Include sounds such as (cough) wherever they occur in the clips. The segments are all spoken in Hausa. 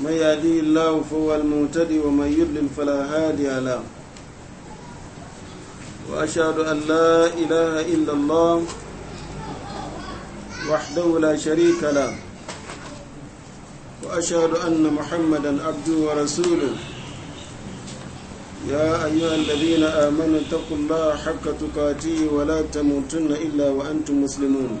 من يهديه الله فهو المهتدي ومن يضلل فلا هادي له وأشهد أن لا إله إلا الله وحده لا شريك له وأشهد أن محمدا عبده ورسوله يا أيها الذين آمنوا اتقوا الله حق تقاته ولا تموتن إلا وأنتم مسلمون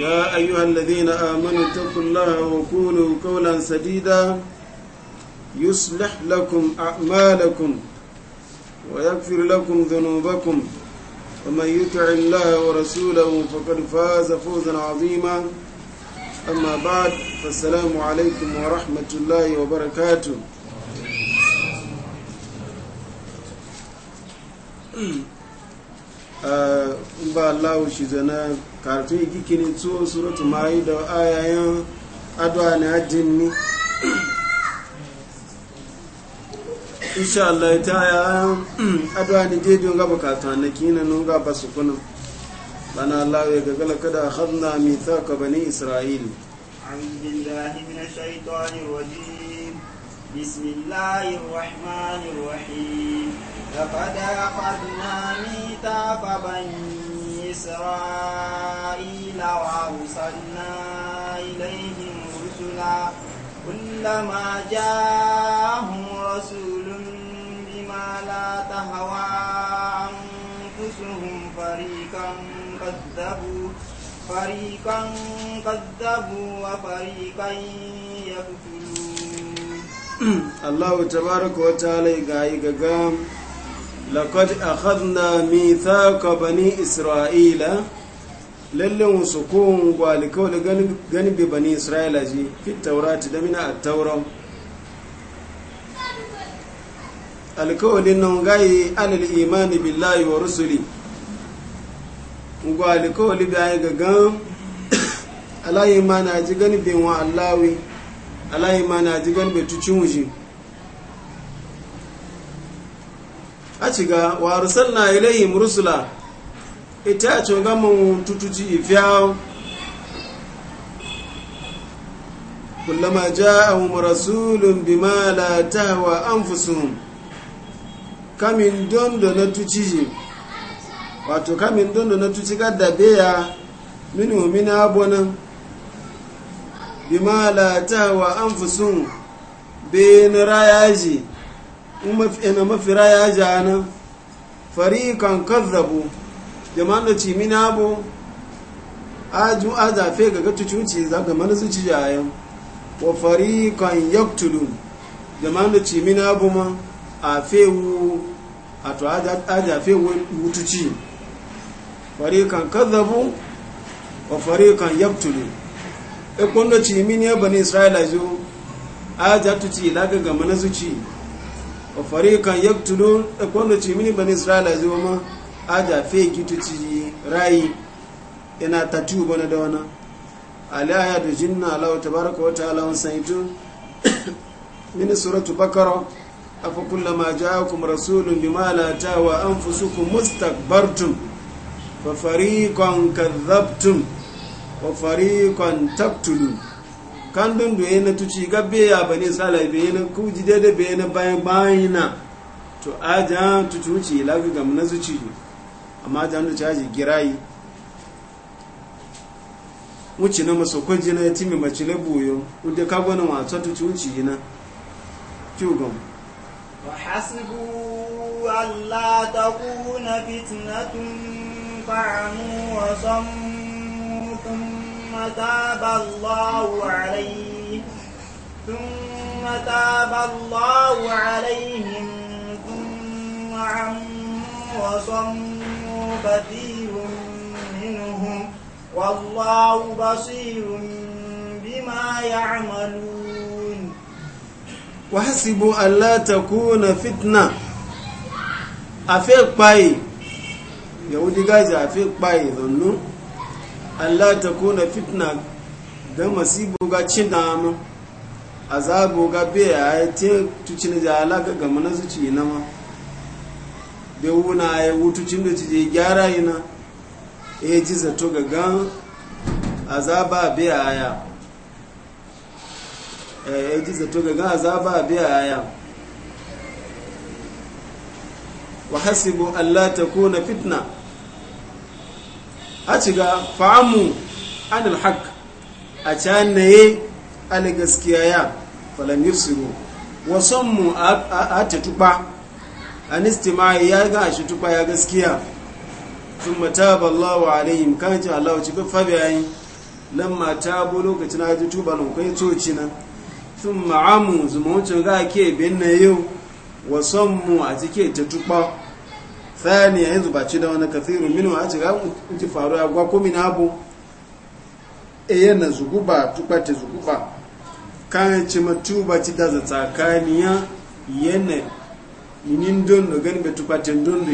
يا أيها الذين آمنوا اتقوا الله وقولوا قولا سديدا يصلح لكم أعمالكم ويغفر لكم ذنوبكم ومن يطع الله ورسوله فقد فاز فوزا عظيما أما بعد فالسلام عليكم ورحمة الله وبركاته Uh, in ba Allah shi zana karatu yi kikini tso suratu mai da ayayen adwa ne hajjin ni insha Allah ta ya adwa je don gaba bukata na kina nun ga ba su kunan bana Allah ya gagala kada akhadna mithaka bani Isra'il أعوذ بالله من الشيطان الرجيم بسم الله الرحمن لقد أخذنا ميثاق بني إسرائيل وأرسلنا إليهم رسلا كلما جاءهم رسول بما لا تهوى أنفسهم فريقا كذبوا فريقا كذبوا وفريقا يقتلون الله تبارك وتعالى قايق قام laqad mita mithaqa bani isra'ila lallan su kun gwalikau da ganin bi bani isra'ila ji fit taurati da mina a tauran alkawalin nan gayi alal imani billahi wa rusuli gwalikawali da ya gagan alayi ma na ji ganin bin wa allawi alayi ma na ji ganin bai tucin wuce a ciga wa arsalna ilayhim rusula ita ce ga mun tutuji ifiyawo kullama جاءهم rasulun bima la tahwa anfusuhum kamin dondo na tuciji wato kamin dondo na tuci da beya minu mina abona bima la tahwa anfusuhum bin rayaji ina mafira ya ja na farikan kazzabu jama'an da ci mina abu aju zafe ga gatu cuci za ga mana ci jayen wa farikan yaktulu jama'an da ci mina abu ma a fewu a to a azafe wutuci farikan kazzabu wa farikan yaktulu e da ci mini ya bani isra'ila zo zatu ci laga ga mana ci. wa fariqan yaqtulun e kono ci mini bani israila zo ma aja fe gitu ci rai ina tatu bane da wana alaya ya da jinna allah tabaraka wata ta'ala saitu mini suratu bakara afa ja ja'akum rasulun an la ku anfusukum mustakbartum fa fariqan kadhabtum wa fariqan taktulun kan don do yana tuci ga ya bane sala be yana kuji daidai dede be yana bayan bayan na to aja tutuci la ga mun zuci amma jan da caji girayi wuce na maso kwanci na ya timi mace na buyo wadda ka gwanin wasa tuci wuce yi na kyogon wa hasbu Allah ta kuna fitnatun ثم تاب الله عليه ثم تاب الله عليهم ثم عموا وصموا كثير منهم والله بصير بما يعملون وحسبوا ألا تكون فتنة أفيق باي يهودي guys أفيق باي ظنوا Allah ta kuna fitna da masibu ga cin a azabu ga biya ya ce tucin da alaka ga mana su ci na ma da wuna ya wutucin da cije gyara yi na ya e ji zato ga gan a azaba biya ya ya e, e ji zato ga gan a azaba biya ya wa hasibu Allah ta kuna fitna a ga fa'amu anil haq a canaye ala gaskiya ya falon yusuru wasan mu a ta tuba an istima'i ya ga shi tuba ya gaskiya sun mata a wa alayhim kan ci Allah ci ga fabiyayi mata bu lokacin haji tuba kai coci nan sun ma'amu zumuncin ga ke bin na yau wasan mu a cike ta tuba thani yanzu ba ci da wani kathiru minu a cika ji faru ya gwa komi na abu e yana zuguba tukpata zuguba kan ci ba ci da za tsakaniya yana yinin dondo gani bai tukpatin dondo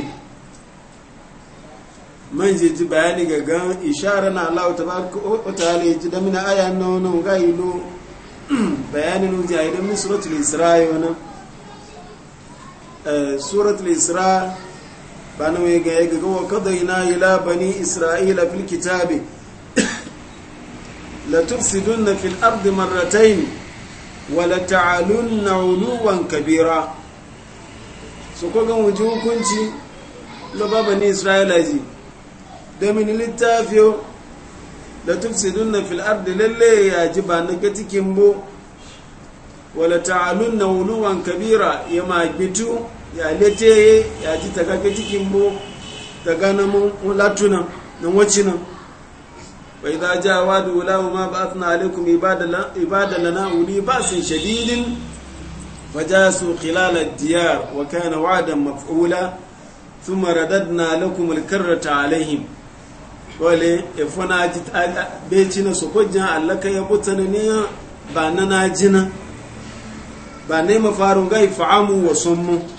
man je ji bayani ga gan ishara na Allah ta baraka wa ta'ala ji da mina aya na wannan ga ilo (clears throat) bayanin uji a idan min suratul isra yana eh, suratul isra bani mai ga yaga gawa ina ila bani isra'ila fil kitabi la na fil ardi marratayn wa la ta'alunna 'uluwan kabira so ko gan wuji hukunci lo ba bani isra'ila ji da min littafiyo la na fil ardi lalle ya ji ba na gatikin bo wa la ta'alunna 'uluwan kabira ya ma bitu ya lete ya ji taga ke cikin bo taga na mun latuna na wacce nan wa idza jaa wa'du lahu ma ba'athna alaykum ibadan lana uli ba'sin shadidin fajasu khilal khilala diyar wa kana wa'dan maf'ula thumma radadna lakum al-karrata alayhim wale ifuna ji ta be beci na su kujjan allaka ya butana ne ba na najina ba ne mafarun gai fa'amu wa summu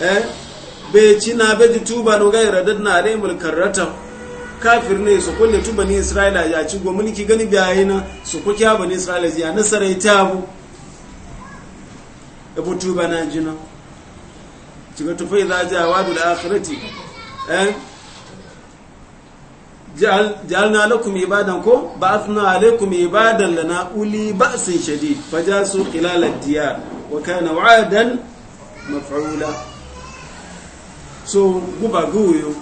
eh be cina be di tuba no ga yarda na ne mulkarata kafir ne su kulle tuba ni israila ya ci go ki gani biyayi na su ku kya bani israila ya nasara ita bu e bu tuba na jina ciga tufa idza ja wadul akhirati eh jalna lakum ibadan ko ba'athna alaykum ibadan lana uli ba ba'sin shadid fajasu khilal ad-diyar wa kana wa'adan maf'ula so guba guyo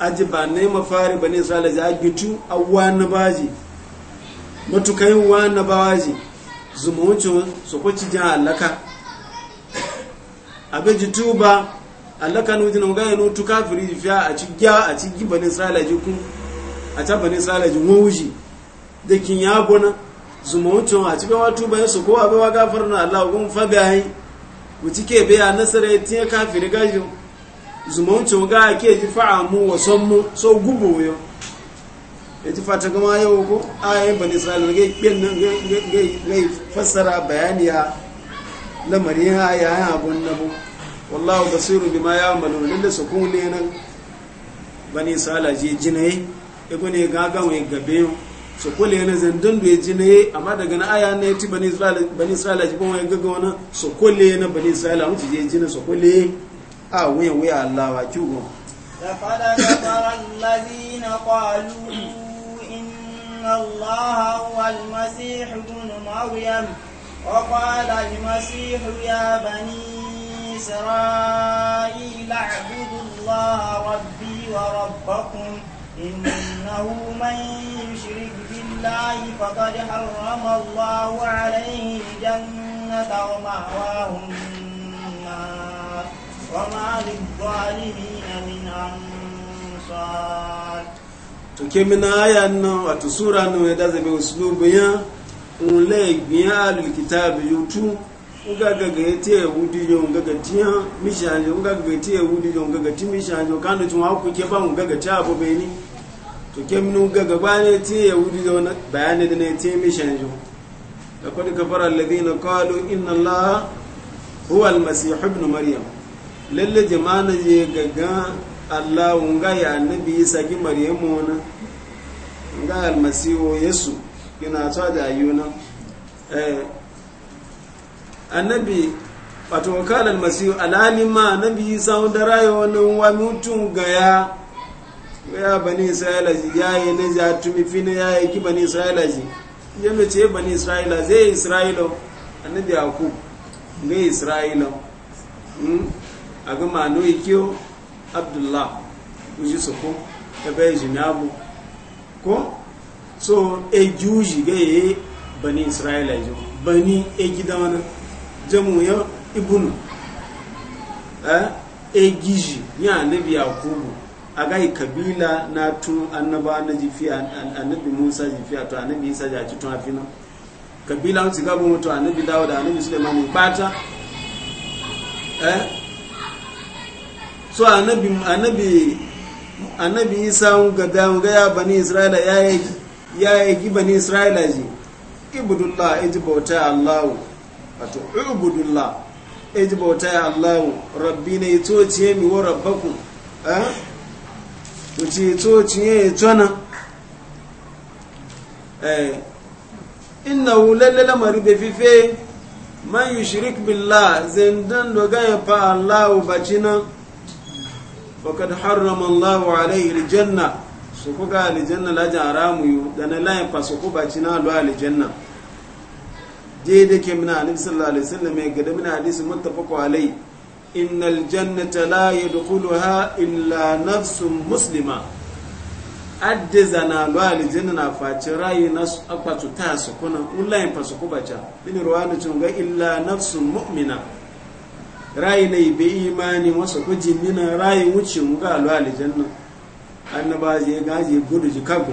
aji ba ne mafari bane sala ja gitu awwa na baji matukai wa na baji zumucu so ko ci jan alaka abe jitu ba alaka nu jina ga no tu kafiri fiya a ci gya a ci giba ne sala ji ku a ta bane ji wuji da kin ya gona zumucu a ci ba watu ba so ko abe wa gafarna Allah gun fa bai cike bai a nasara tiya kafiri gajin zumunci ga ke ji mu wa mu so gubo yo ya ti fata gama yau ko ayoyin ban israel ga ikpin nan ga fassara bayaniya lamarin ya yayin abun nabu wallahu basiru bima ya malu lalle su kun ne nan bani isra'ila ji jinai ego gune ga ga wai gabe su kule ne zandun da jinaye amma daga na aya ne ti bani isra'ila bani isra'ila ji bon wai gaga wannan su kule ne bani isra'ila mu ji jinaye su kule a wuya wuya Allah wa kyugo لقد كفر الذين قالوا إن الله هو المسيح ابن مريم وقال المسيح يا بني إسرائيل اعبدوا الله ربي وربكم إنه من يشرك بالله فقد حرم الله عليه الجنة ومأواه النار وما للظالمين من أنصار تكمن آية wato sura nan ya da zabe usulubin ya unle gbiyan alul kitab yutu uga gaga yete yahudi yo uga gatiya mishanjo uga gaga yete yahudi yo uga gati mishanjo kando tun haku ke ba ti gati abo beni to kemnu uga eti ewu te yahudi yo bayani da ne te mishanjo laqad kafara alladhina qalu inna allaha huwa almasih ibn maryam lalle jama'a je gaga Allah wunga ya annabi Isa ki Maryamu na nga almasihu Yesu kina ta da ayuna eh annabi wato wakala almasihu ma annabi Isa da rayo na wa mutun gaya ya bani Isra'ila ji yi ne ja tumi fina yi ki bani Isra'ila ji mai ce bani Isra'ila zai a annabi Yakub ga isra'ila hmm? a ga manu kiyo abdullah uji su ko ebe ji nabu ko so e juji e eh? e ga yi bani isra'ila ji bani e gida wani jamu ya ibunu e giji ya annabi kubu a gai kabila na tun annaba na jifiya annabi musa jifiya to annabi isa a ci tun afina kabila wuce gabon mutu annabi dawo da annabi suleiman bata eh so annabi annabi annabi isa ga bayan ga ya bani isra'ila ya yi ya yi bani isra'ila ji ibudullah iji bauta allahu wato ibudullah iji bauta allahu rabbi ne ito ciye mi wa rabbaku eh to ci ito ciye ito na eh innahu lallala mari be fife man yushrik billah zindan doga ya fa allahu bacina fakad harrama Allah alaihi aljanna su ku ga aljanna la jaramu yu da na layin fa su ku baci na lo aljanna je da ke mina annabi sallallahu alaihi wasallam ya gada mina hadisi muttafaq alaihi innal jannata la yadkhuluha illa nafsun muslima addiza na lo aljanna na faci rayi na akwatu ta su kuna ullayin fa su ku baca bin ruwanu illa nafsun mu'mina rayi na ibe imani masa kujin nina rayi wuce muka ga alu aljanna annaba je gaje gudu jikago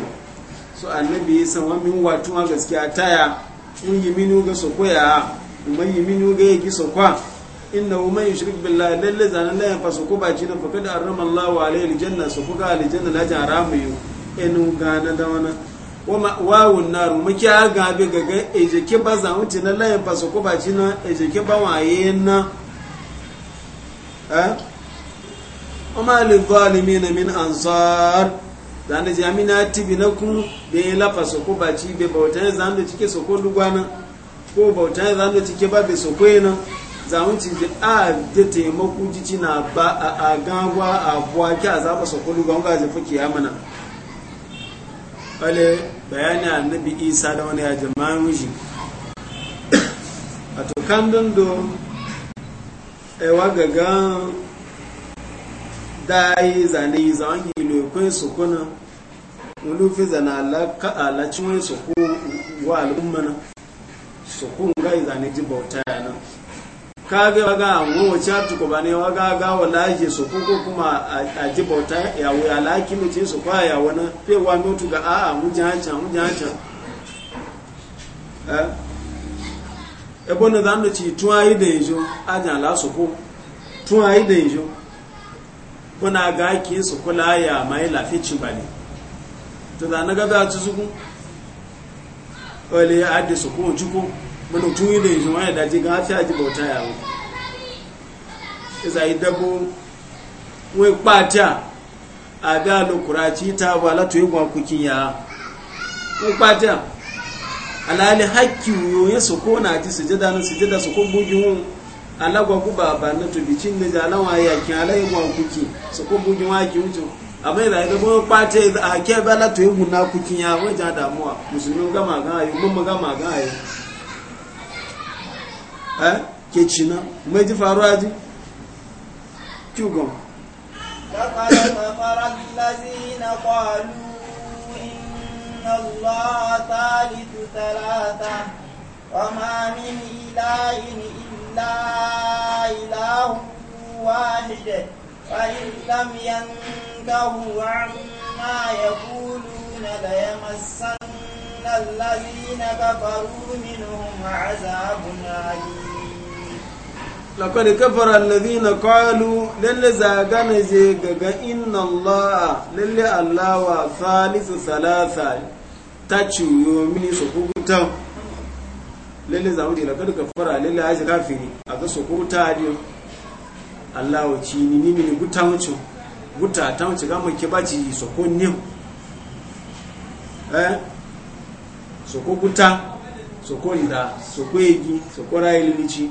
so annabi ya san wani watu a gaskiya taya in yi minu ga sokoya in yi minu ga yaki sokwa inna wa man yushrik billahi lalle zanan la yafa soko ba ji na fa kada arama Allahu aljanna soko ga aljanna la jan ramu yu enu ga na da wana wa ma'wawun naru muke aga be ga ga ejeke ba za na la yafa soko ba ji na ejeke ba waye na وما للظالمين من أنصار zanda ji amina tibi na kun da ya lafa soko ba ci be bautan zanda cike soko na ko bautan zanda cike ba be soko yana zamun ci da a da taimako jici na ba a agagwa a buwa ki a zaba soko lugwan ga zafi kiyamana wale bayani annabi isa da wani ya jama'in shi (coughs) a to kan don ewa gaga dai zane zangi lo kwen na? wani fi zana ala alacin wani soko wa al'umma na soko nga izane ji bauta ya na? ka ga waga awon wace atuku ba ne waga ga wala ke soko ko kuma a ji bauta ya wo alaki mace soko a yawo na fe wa mutu ga a'a mu jahancan mu jahancan eh? ebe na zamu ci tun ayi da yanzu ajan la su ko tun ayi da yanzu kuna ga ki su kula ya mai lafici bane to da na gaba su su wale ya adi su ko juko mun tun yi da yanzu wani da ji ga fi aji bauta ya wo isa idabo we pata abi alukura ci ta wala to yi gwa kukin ya we pata alali hakki yoye onye ko na ji sujada na sujada su ko bugin wun alagwa guba ba na to bicin da jalawa yakin alayi gwa kuki su ko bugin waki wucin a ke bala to yi na kukin ya wajen damuwa musulmi gama ga yi mun gama ga yi eh ke ji الله ثالث ثلاثة وما من إله إلا إله واحد فإن لم ينتهوا عما يقولون ليمسن الذين كفروا منهم عذاب أليم لقد كفر الذين قالوا للي زاغان زيغا غغا ان الله للي الله وثالث ثلاثه تچو يومي سكوتا للي زاودي لقد كفر للي عايز كافري اغا سكوتا دي الله وچيني ني ني غوتا وچو غوتا تا وچو غام كباجي سكوني eh sokokuta sokonda sokwegi sokoraililichi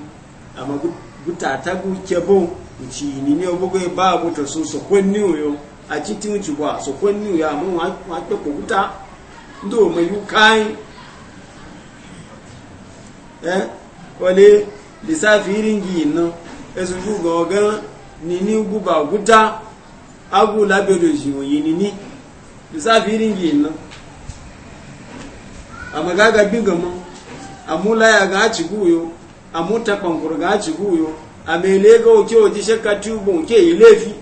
amaguta buta ta gutata gukebo uchini ni obugo e babu to so so kwenni uyo achiti uchibwa so kwenni uyo amu wape kukuta ndo mayukai eh wale lisafirin gino esu fugo ni nini guba guta agu labedo jiwo yinini lisafirin gino amagaga bigamo amula ya ga achiguyo Amuta muta kwankuru ga ci guyo a mai lega oke oji shakka tubo oke yi laifi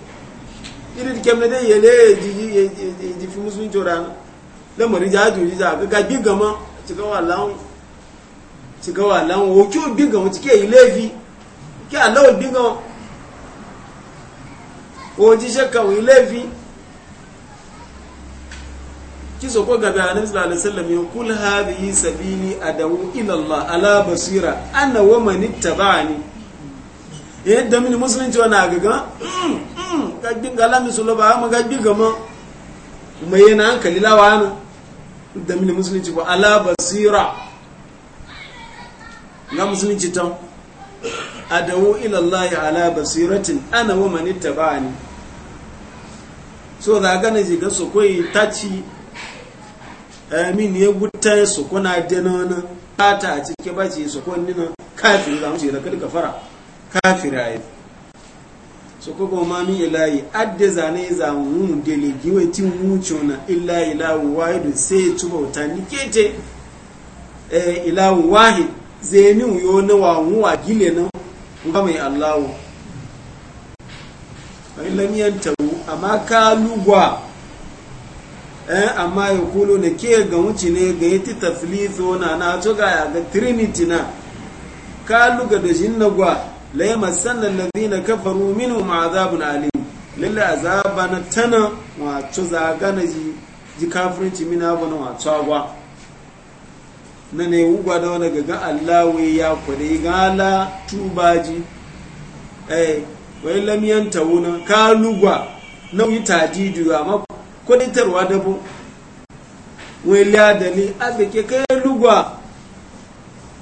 irin kemna dai ya le ji fi musulunci rana lamari ja ju ji ja ga bi gama cika wa lan cika wa lan oke bi kiso ko gabe annabi sallallahu alaihi wasallam ya kul hadhihi sabili adawu ila Allah ala basira ana wa man ittaba'ani yadda eh, mini musulunci wani agaga ga dinga mm, mm, la misulo ba ma ga diga mu mai yana hankali lawa ne da mini musulunci ba ala basira na musulunci tan adawu ila Allah ala basiratin ana wa man ittaba'ani so da ga ne ga su koyi taci amin ya wuta su kuna dana wani Kata a cikin baci su kwanni na kafin za mu ce da kalka fara kafin rayu su kuma ma min ilayi adda zane za mu dele giwe tin wuce na illa ilahu wahidun sai ci bauta ni kete ilahu wahid zai ni wuyo na wa wuwa gile na kuma mai allahu wa ilamiyan tabu amma ka lugwa Eh, amma ya kulo na ke ga wuce ne ga yi ti taflizo na na to ga ga trinity na ka luga da jin na gwa lai yi masannan na zina kafaru minu na alim lalle azaba na tana wato ga na ji ji kafirci mina abu na wato agwa na ne wugwa da wani gaga allawe ya kwade gala tubaji eh wai lamiyan tawunan. ka lugwa na yi tajidu amma kwaditarwa dabo wani adali abike kai lugwa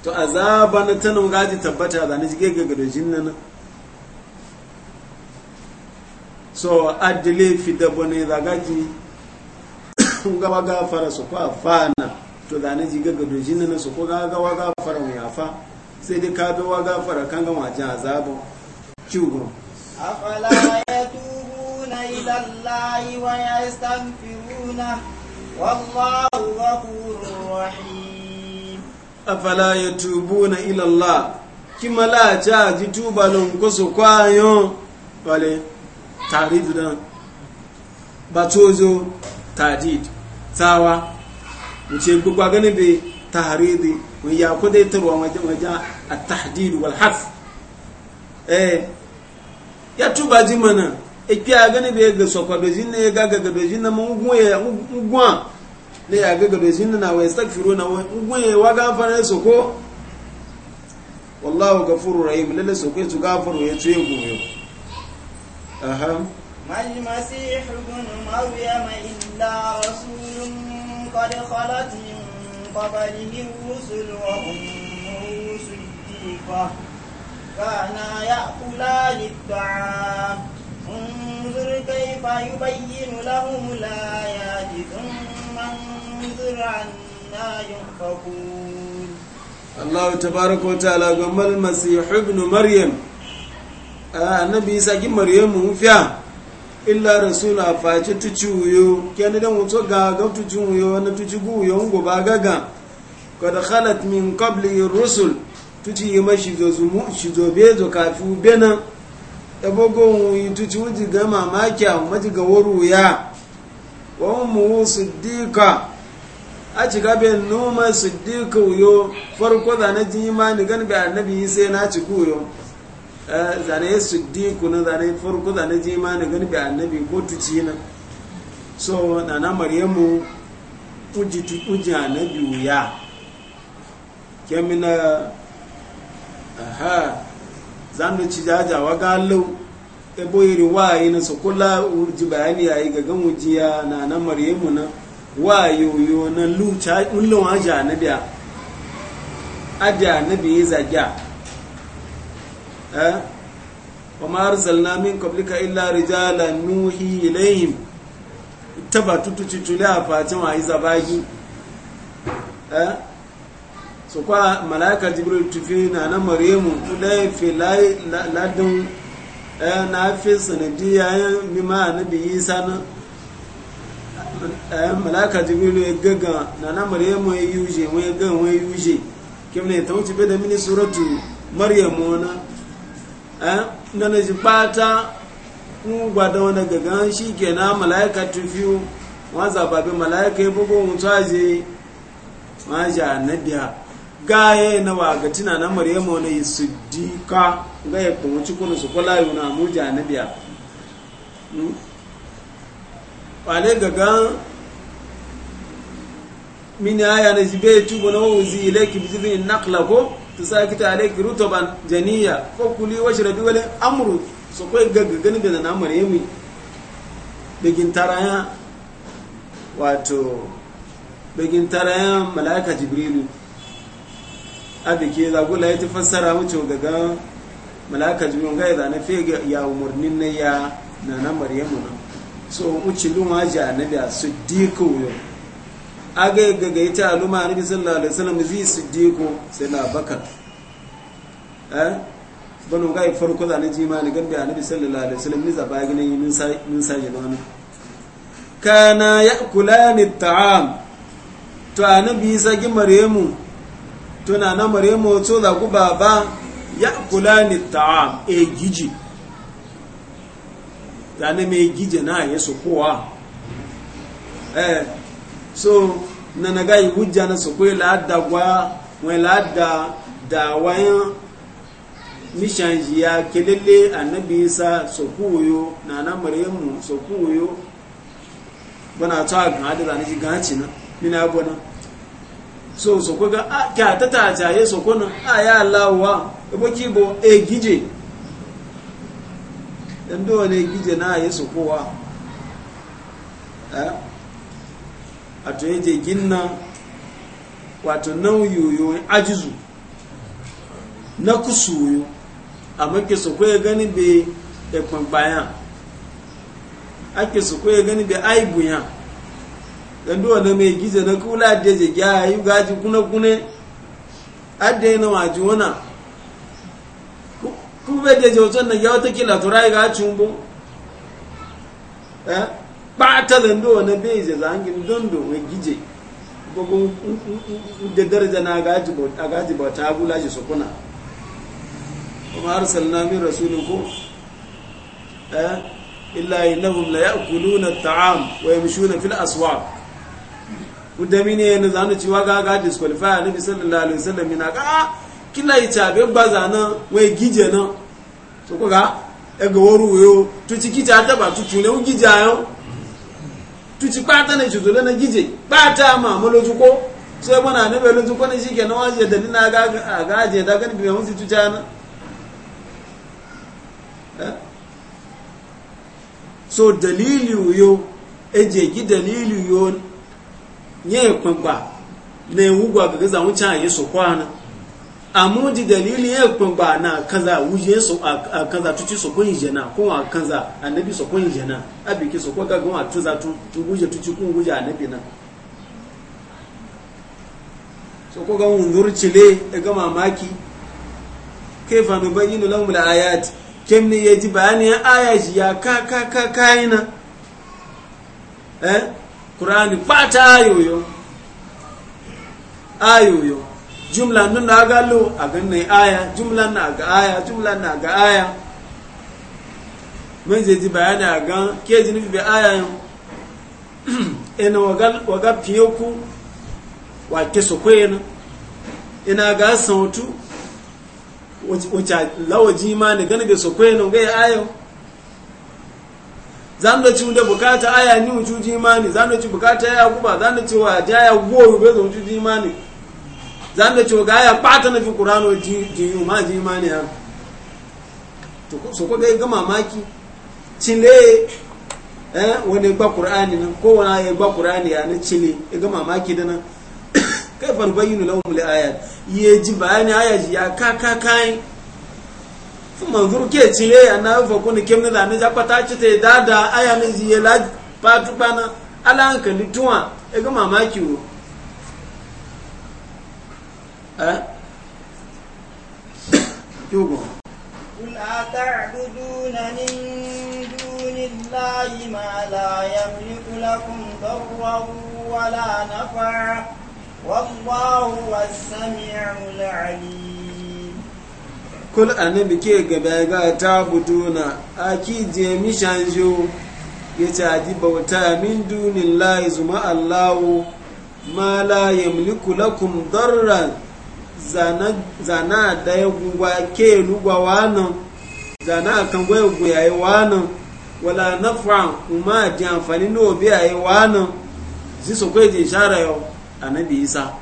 to azaba na tanin gaji tabbata da ni jige ga na. na. so adali fi dabo ne da gaji gaba gafara su kwa na. to da ni jige ga na nan su ko gawa fara mu yafa sai dai ka bi wa fara kan ga wajen azaba ciwo afala ya tu يتوبون إلى الله ويستغفرونه والله غفور رحيم أفلا يتوبون إلى الله كما لا تاجي توبا لنكسو كوايو ولي تعريض batozo tadid tsawa wuce gbogbo gani bai taharidi ya kudaitarwa wajen a eh ya tuba ji mana eki a gani bai ga sokwa dojin ne ga ga dojin na mun ya ngwa ne ya ga dojin na wa yastaghfiru na ngwa ya wa ga fara soko wallahu ghafurur rahim lalle soko su gafaru ya tuye gobe aha mal masih ibn ma illa rasulun qad khalat min qablihi rusul wa ummuhu siddiqah kana ya'kula lit-ta'am فيبين لهم الآيات ثم انظر عنا يؤفكون الله تبارك وتعالى المسيح ابن مريم annabi isa ki fiya illa rasula faci tuci wuyo kene dan wuto ga tuci wuyo na tuci guyo ngo ba gaga kad min qabli rusul tuci yima bena ebogo yintu ci wuji ga mamaki a maji ga waru ya wa mu dika a ci gabe su dika wuyo farko da na jin imani gan bi annabi sai na ci kuyo eh, zane su diku na zane farko da na jin imani gan bi annabi ko tuci na so nana maryamu uji tu uji annabi ya kemina aha zanu ci jajawa galau e iri wayi na kula urji bayani yayi ga gamu jiya na na maryamu na wayo yo na lucha ulun aja na aja na biye eh wa ma arsalna min qablika illa rijalan nuhi ilayhim tabatutu tutula fatima izabagi eh so kwa malaika jibril tufi na na maryamu ulai fi ladin eh, na fi sanadiya eh, mi ma annabi isa na eh, malaika jibril ya gaga na na maryamu ya yuje mu ya gaga mu ya yuje kimne ta wuce da mini suratu maryamu na eh nana ji bata mu gwada wani gaga shi na malaika tufi wanzu ababe malaika ya bugu mutuwa je ma na biya. gaye na wa ga tina na maryamu ne siddiqa ga ya kuma ci kunu su kula layu na mu janabiya hmm? wale gaga min aya na zibe tubu na wuzi ilayki bi naqla ko tusakita ruto rutuban janiya ko kuli washrabi wala amru su ko gaga ganin da na maryamu begin taraya wato begin taraya malaika jibrilu abike za gula ya ci fassara wuce daga malaka jimin ga da na fege ya umarnin na ya na na maryamu na so wuce luma ji annabi a siddiqu yo aga gaga ita luma annabi sallallahu alaihi wasallam zai siddiqu sai na bakar eh bano ga farko da na ji ma ni gambe annabi sallallahu alaihi wasallam ni zaba gina yi min sai min sai da wannan kana ya'kulani at'am to annabi sai maryamu tuna na maryamu to da ku baba ya kula ni ta'am e giji zane mai gije na yesu kowa eh so na naga yi hujja na su kwai la'adda gwa wani la'adda da wayan mishanji ya kelele annabi isa su kuyo na na maryamu su kuyo bana ta ga hada zane shi gaci na mina abu so so ko ga ah, ka ta ta ta ye so ko no aya ah, lawa e bo ki bo gije dan do ne gije na ye so ko wa eh a to je ginna wato nauyoyo ajizu na kusuyo amma ke so ko ya gani be e pambayan ake so ko ya gani be aibuyan dan duwa na mai gizo na kula da je ya yi gaji kuna kune adde na waji wana ku be da je wato na ya wata kila turai ga chumbo eh ba ta dan duwa na be je zangin dondo mai gije ko da daraja na gaji ba gaji ba ta gula ji su kuna kuma arsalna min rasulun ko eh illa innahum la ya'kuluna at-ta'am wa yamshuna fil aswaq udamine yana zanu ciwa ga ga disqualify bi sallallahu alaihi wasallam ina ga ah, kila ita be gbaza na we gije na to ko ga e ga woru yo tu ci kita ta ba tu tune u gije ayo tu ti pata ne ju na gije pata ma mo ju ko so e bona lo ju ko ne ke na waje da na ga ga je da gani bi mu tu jana so dalili yo e je gi dalili yo ye kpagba na ewugwa ga gaza wuce a yeso kwana amma ji dalili ye kpagba na kaza wuje so a kaza tuci so kun na, ko a kaza annabi so kun na. abiki so ko ga gwa tuza tu wuje tuci kun wuje annabi na so ko ga wundur cile ga mamaki kaifa nubayyinu lahum al-ayat kem ne yaji bayani ya aya ji ya ka ka ka kaina eh Qur'ani pata ayoyo ayoyo jumla nun na ga lo a ganin aya jumla na ga aya jumla na ga aya mun je ji bayani a ga ke ji nufi bi aya yo ina (clears throat) waga waga fiye ku wa ke so ko yana ina ga sautu wace lawaji ma ne ganin bi so ko yana ga ayo zanda ci da bukata aya ni wujuji imani zanda ci bukata ya kuma zanda ci wa ja ya goru be zo wujuji imani zanda ci ga ya pata na fi qur'ano ji ji ma ji imani ya to eh, ko so ko ga ga mamaki cile eh wani gba qur'ani nan ko wani ya gba qur'ani ya ne cile e ga mamaki da nan (coughs) kai fa bayyinu lahum li ayat ye ji bayani aya ji ya ka ka kai manzuru ke cile ya na fa kun kem na ne jakwa ta ci te dada aya ne ji la patu bana ala hankali tuwa e ga mamaki wo eh (coughs) yugo قل أتعبدون من دون ma la لا يملك لكم wala nafa نفعا والله هو السميع kul annabi ke gaba ga ta buduna aki je mi shanjo ya ce ji bauta min dunin lai zuma allahu ma la yamliku lakum darran zana da ya gugwa ke lugwa wannan zana a kan gwaya guyaye wannan wala nafa umma ji amfani na obi a yi wannan su su shara yau annabi isa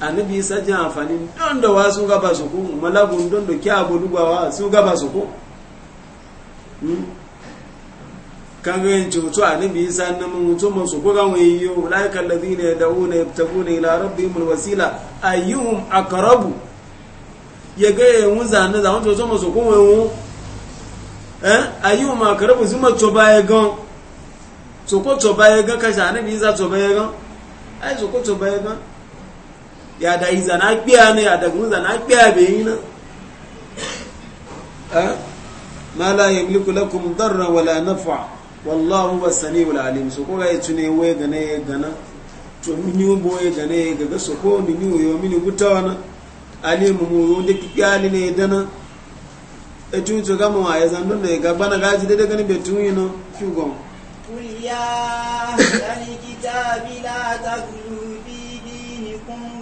annabi isa jin amfani don da wasu gaba su ku malagun don da kya gudubawa su gaba su ku kan ga yin cutu annabi isa na mutum masu ku gan wani yi wula kallazi ne da una tabu ne ila rabbi mul wasila ayyuhum aqrabu ya ga yin wuza na zaman cutu masu ku wani eh ayyuhum aqrabu zuma coba ya gan su ko coba ya gan kashi annabi isa coba ya gan ai su ko coba ya gan ya da yi zana kpiya ne ya da gun zana kpiya be yi na ma la yamliku kuma darra wala naf'a wallahu sani wala alim so ko ga yi tune we gane ya gana to mini bo ya gane ya gaga so ko mini yo mini wani alimu mu yi wanda kpiya ne dana e tun to gama mu ya zandun don da ga bana ga ji daga ni betun yi no fi qul ya ahli kitabi la takun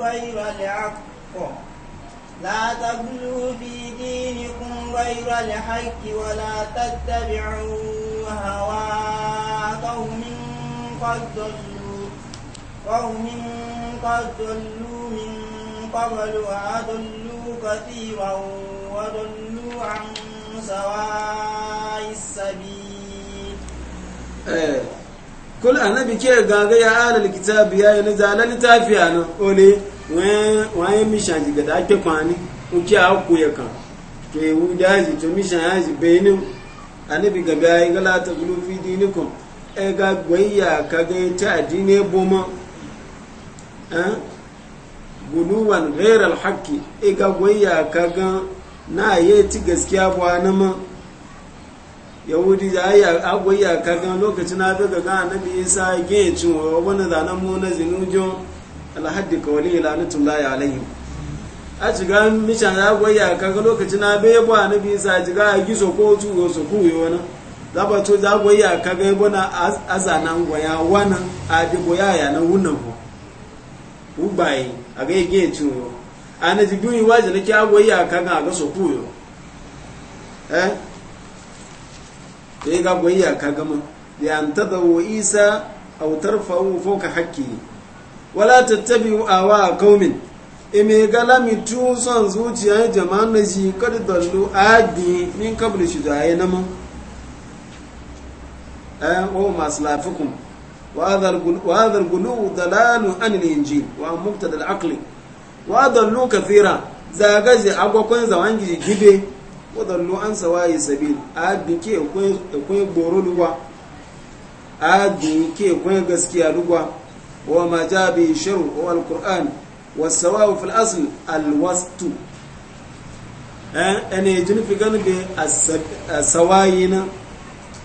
غير الحق لا تغلوا في دينكم غير الحق ولا تتبعوا هوى قوم قد ضلوا قوم قد ضلوا من قبل وأضلوا كثيرا وضلوا عن سواء السبيل كل أنا بكير قاقيا آل الكتاب يا نزال لتافيانا قولي wọ́n mission ake gẹ̀dá gbé pa ní ó kí a kó yẹ kan tó ewu dáàzì tó mission bẹ́ẹ̀ ní anábì ní ẹ ga gbẹ́yà kagẹ́ tí a dín ní ga na yi ti gaskiya yahudi da lokacin na fi ga annabi isa gina cin wa wani zanen mu na zinujin alhaddi kawali laye alaihi a jiga mishan ya goya kaga lokacin na bai yabo annabi sa jiga a giso ko ko su yi wani zaba to za goya kaga yabo na azanan goya wani a bi goya ya na wunan ku ubayi a ga cin tuwo a na jigin yi waje na kya goya kaga a ga su kuwe eh yi ga goya kaga ma ya anta da isa autar fa'u ka hakki wala tattabi'u awa kaumin ime gala mitu son zuciya jama'an na shi kada dallu adi min kabri shi zaye na nan ɗayan eh, o lafikun wa hadha al-gulu dalalu an al-injil wa mukta da aql wa dallu kathira zagaje agwakon gidi gibe wa dallu an sawayi sabil adi ke akwai boro goro a adi ke kwaye gaskiya lugwa وما جاء به الشرع هو القرآن والسواء في الأصل الوسط أنا يجن في قلبي السواينا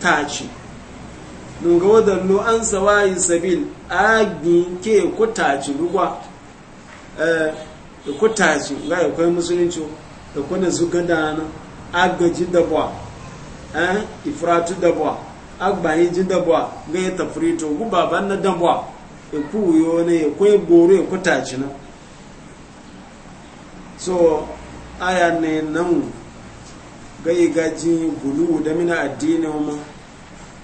تاشي nunga wadannu an sawayi sabil agin ke ku taci ruwa eh, da ku taci akwai musulunci da kuna zuga dana agaji dabwa eh, ifratu dabwa agbayi ji dabwa ga ya tafrito gubaban na dabwa ekuyo ne ekwe gboro ekwata jina so aya ne nan gai gaji gulu da mina addini ma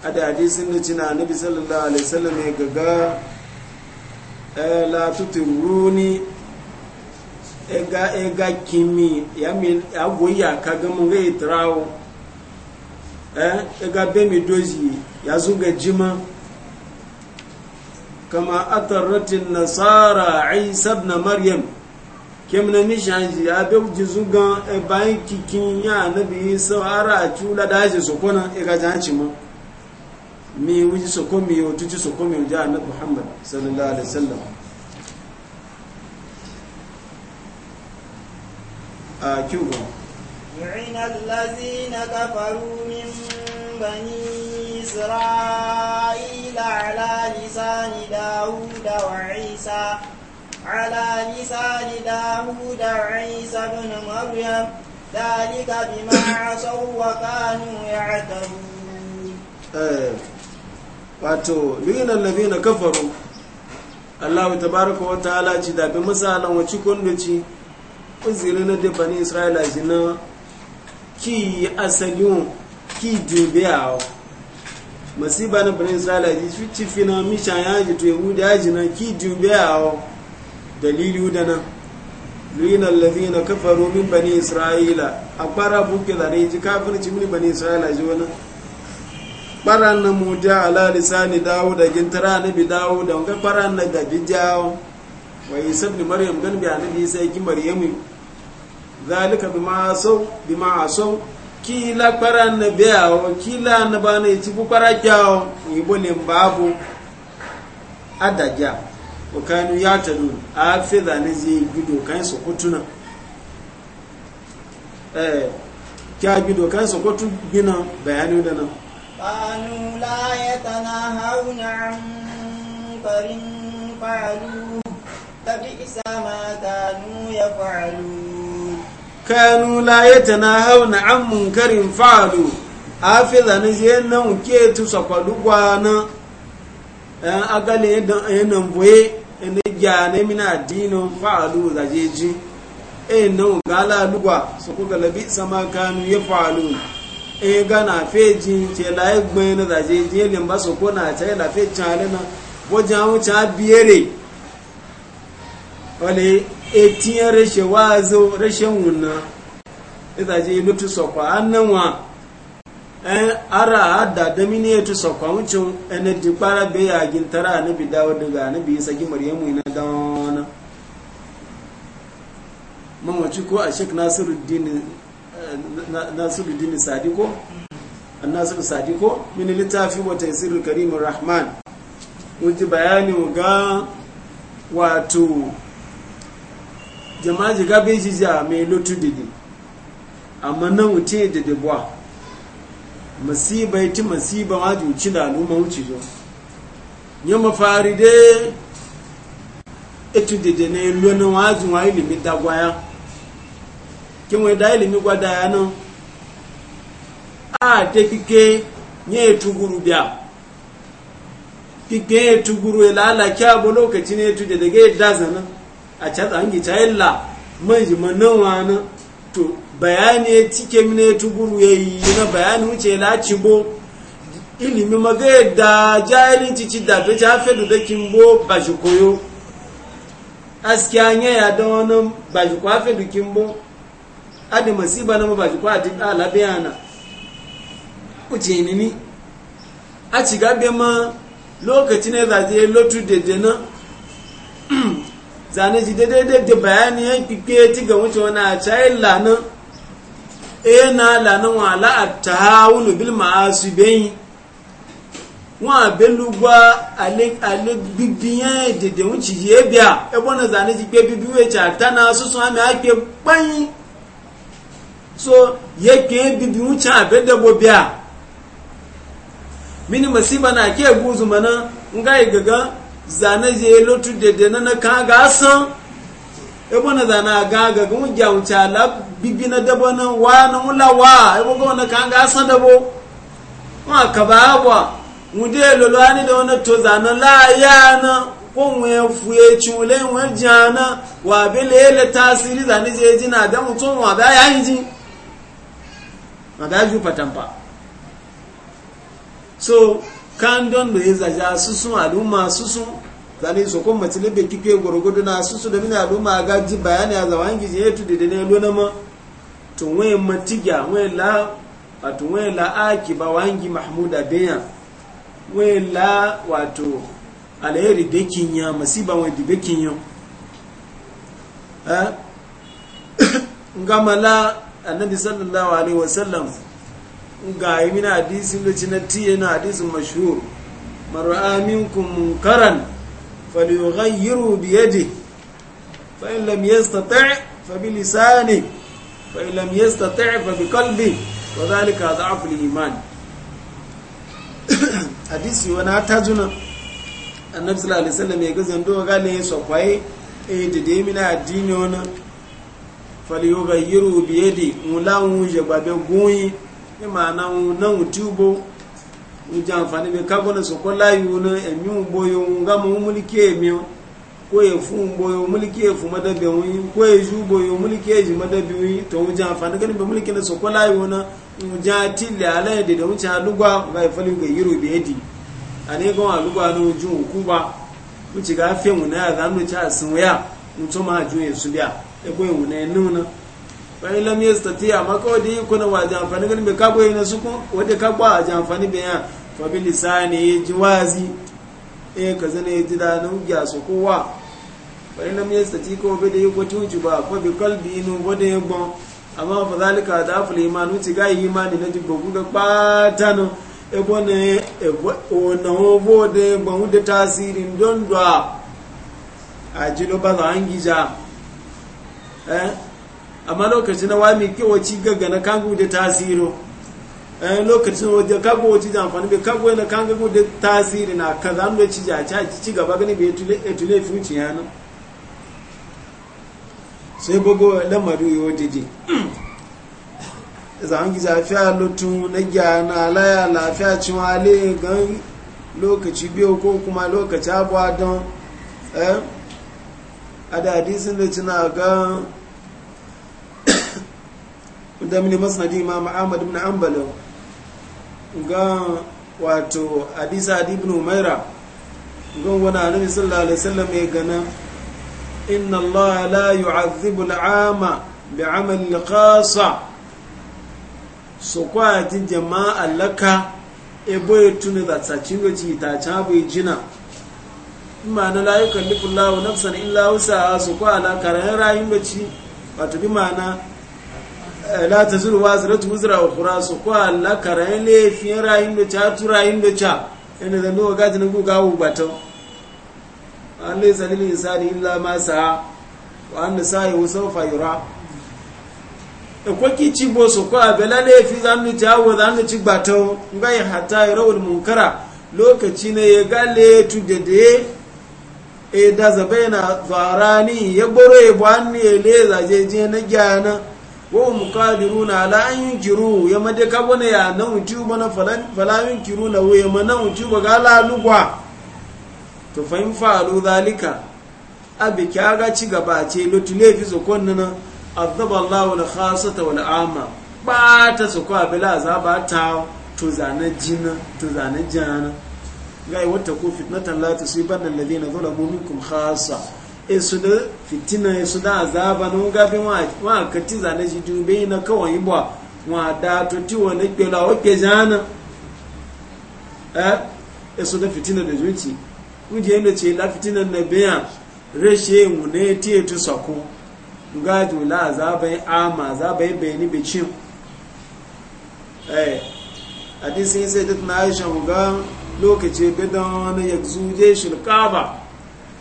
ada hadisin da cina annabi sallallahu alaihi wasallam ya gaga eh, la tutiruni ega ega kimi ya mi agoya kaga mun ga itrawo eh ega be mi doji ya zuga jima kama atarratin nasara isa na maryam kem na mishanji ya be jizuga e bayan kikin ya nabi isa ara chula daji sokona e ga janci mo mi wuji soko mi o tuji soko mi o ja na muhammad sallallahu alaihi wasallam a kyugo yu'ina allazina kafaru min bani إسرائيل على لسان داود وعيسى على لسان داود وعيسى بن مريم ذلك بما عصوا وكانوا يعتدون wato luyinan labina kafaru Allah ta baraka wa ta'ala ji da bi misalan wace kunduci uzuri na da bani Isra'ila jina ki asalin ki dubiyawa masiba na bani israila ji su ci fina misha ya ji to yahudu ya ji na ki dube a wa dalili da na. luyina lalazina kafaru min bani israila a kwara buke lare ji kafin ci mini bani israila ji wani kwaran na muja ala ni dawo da gintara na bi dawo da wani kparan na da wa isa bi maryam gan bi annabi isa ki maryamu zalika bima asaw kila kpara na biyawo kila na ba na itibu kpara kyawo yibo ne babu adagya okanu ya tadu a feda ne zai gido kan su kutuna eh kya gido kan su kutu gina bayanu da nan kanu la yatanahawna farin qarin fa'alu isa ma kanu yaf'alun kanu la yatanahawna an munkarin fa'alu afiza na je nan ke tu sakwalu gwana an agale dan nan boye ne ja ne mina dino fa'alu da jeji e nan gala lugwa su ku galabi sama kanu ya fa'alu e na feji ce la egbe na da jeji le mba su ko na ta la fe chale na bojan wuce biere wale etinye rashe wazo reshe wuna ita je ilu tu sokwa annan wa eh, ara hada da eh, mm. mini ya tu sokwa wucin ene di kpara be ya gintara bi dawo daga bi isa gi maryamu ina dawona man wace ko a shek nasiru dini sadiko Nasiru sadiko mini littafi wata isiru karim rahman wuji bayani wuga wato jama'a ji gabe ji ja mai lotu didi amma nan wuce da dabuwa masiba ti masiba ma juci da al'umma wuce zo yi mafari dai etu dede na ilu na wa wa ilimi dagwaya kin wai da ilimi gwada ya nan a te kike nye etu guru biya kike etu guru ya e lalaki abu lokaci ne etu dede ga yadda zanen a catsa hangi ta yalla man ji manan wani to bayani ya cike mine tuguru ya yi na bayani wuce laci bo ilimi maga yadda jahilin cici da ta ta fi da dakin bo ba shi koyo askiya ya ya da wani ba shi kwa fi dukin bo adi masiba na ba shi kwa di ala bayana wuce ni ni a ci gabe ma lokaci ne zaje lotu dede na zane shi daidai da bayani ya kike ci ga wuce wani a cayin lanin e na lanin wa la'atta hawunu bil ma'asu bayi wọn abelugba alegbibiyan dede wuce e e ye biya ebo na zane shi pe bibi wuce ta na susun ami ake kpanyi so yake bibi wuce abedabo biya mini masiba na ke guzu mana nga igaga zane je lotu de de na ka ga san e bona zana ga ga gun jawuca la bibi na dabo na wa na mula wa ebo ga na ka ga san dabo ma ka ba ba mu de lo lo ani da na to zana la ya na ko mu e fu ye chule mu e jana wa bi le e le ta si ri zane je ji na da mu to mu da ya yin ji na da ju patampa so kan don da ya zaja susun al'umma susun zane so kuma mace lebe kike gwargwado na susu da mini al'umma ga ji bayani a zaman gizi ya tudi da ne lona ma tun wayan matiga wayan la wato wayan la aki ba wangi mahmuda biya wayan la wato alheri bekin ya masiba wani bekin ya eh? (coughs) gama la annabi sallallahu alaihi wasallam ga yi mina hadisin da ci na tiye na hadisin mashhur mar'a minkum munkaran falyughayyiru bi yadi fa in lam yastati' fa bi lisani fa in lam yastati' fa bi qalbi wa dhalika dha'fu al-iman (coughs) hadisi wana tajuna annabi sallallahu alaihi wasallam ya gazan do ga ne so kwaye e de mini mina addini wana falyughayyiru bi yadi mulan wuje babe goyi e ma na na ubo wuji amfani bai na soko layi emi ugbo e e e yi wun gama wun mulki emi ko ya fu ugbo yi mulki ya fu ko ya ju ugbo ya ji madabi wun to wuji amfani ganin bai na soko layi wuna wuji atili ala ya dida wuci alugwa ga ifali ga yiro edi a ne gawa na wuji hukuba wuci ga afiyan na ya zanuci a sun wuya mutum a juye su biya ya bayan lam ya stati amma kawai da iko na wajen amfani ganin bai kagwaye na suku wadda kagwa a jamfani bayan fabi lisani ya ji wazi eh ka zane ya ji danin gya su kowa bayan lam ya stati kawai bai da iko tuci ba ko bi kalbi inu wadda ya gbon amma fa zalika da aful iman wuce ga imani na jibbo guga patano e e ebo ne ebo na hobo gbon da tasirin don a jilo ba za an gija eh amma lokacin na wani ke waci gaga na kangu da tasiro eh lokacin wajen kago waci da amfani bai kago na kangu da tasiri na kaza mu ci ja ci ci gaba gani bai tule tule fuci yana sai bogo lamaru yo didi za an giza fiya lutu na gyana laya lafiya cin wale gan lokaci biyu ko kuma lokaci abuwa don eh a da hadisin da cina gan da mini masnadi imam ahmad ibn hanbal ga wato hadisi adi ibn umaira ga wani annabi sallallahu alaihi wasallam ya gana inna allaha la yu'adhibu al'ama bi'amal al-qasa so kwa ti jama'a laka ebo etunu da tsacin ci ta chabu e jina ma'ana la yukallifu allahu nafsan illa wusaha so kwa la karan rayuwa ci wato bi ma'ana Eh, la ta zuru wa zira tu wuzira wa kura su ko Allah karayin laifin rayun da ca turayin da ca yana zan duwa gajin na guga wu batau an lai tsanin insani illa ma sa wa an nisa yi wasu fayura Da ci bo su ko bela laifin zan da ca wa zan da ci batau nga yi hata yi rawar munkara lokaci na ya ga laitu da da e da zaba yana rani ya gboro ya bu ne ya le zaje na gyana wa muqadiruna na an yunkiru ya made ka bone ya nan wutu na falan falan yunkiruna wa ya manan wutu ba gala lugwa to fa a fa'alu zalika a ga ci gaba a ce lotule fi zokon nan azaba Allahu la khasata wal ama ba ta a kwa a azaba ta to zana jina to zana jana gai wata ko fitnatan la tusibanna alladhina zalamu minkum khassa esu da fitina da azaba na ngabe wa katiza na ji dube na kawai ba wa da to ti wa na kpela o ke jana eh da fitina da zuci kuje ne ce la fitina na biya reshe mu ne ti etu sako ngaju la azaba ama azaba be ni be eh hadisi sai da na Aisha mu ga lokaci bidan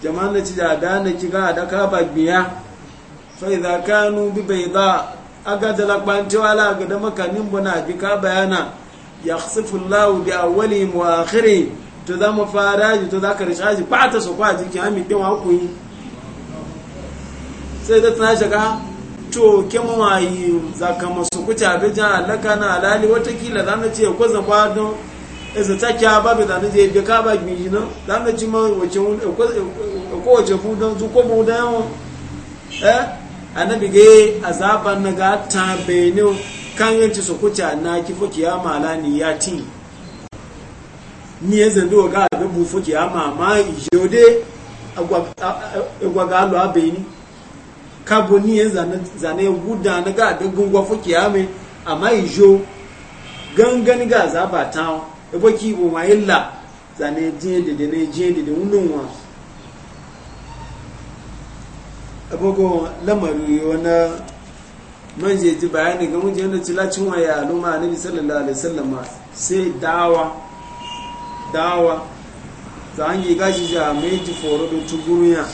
jama'an ci da dana na ki ga da ka ba biya fa idza kanu bi bayda aga da lakbanti wala ga da makanin buna bi ka bayana ya yakhsifu Allah bi awwali wa akhiri to za mu fara ji to za ka risha ji ba ta so kwa ji ki ami kin wa ku yi sai da tana shiga to ke mu wayi za ka masu kuta bi jan alaka na alali wata kila za mu ce ko zaba don ezo kya ba babe da nije be ka ba gbiji no da na ji ma wace ko wace fu don zu ko mu da yawo eh annabi ge azaba na ga ta beno kan yanci su kuca na ki fo kiyama la ni ya ti ni ezo do ga ga bu fo kiyama ma jode agwa agwa ga lo abeni kabo ni ezo zane guda na ga ga gungwa fo kiyame ama ijo gangan ga azaba tawo ebo ki bo ma illa zane jin dede ne jin dede wunun wa abogo lamarin wani manje ji bayani ga mujiyar da cilacin waya al'umma na sallallahu alaihi wasallam sai dawa dawa zan yi gashi ja mai ji foro do tuguruya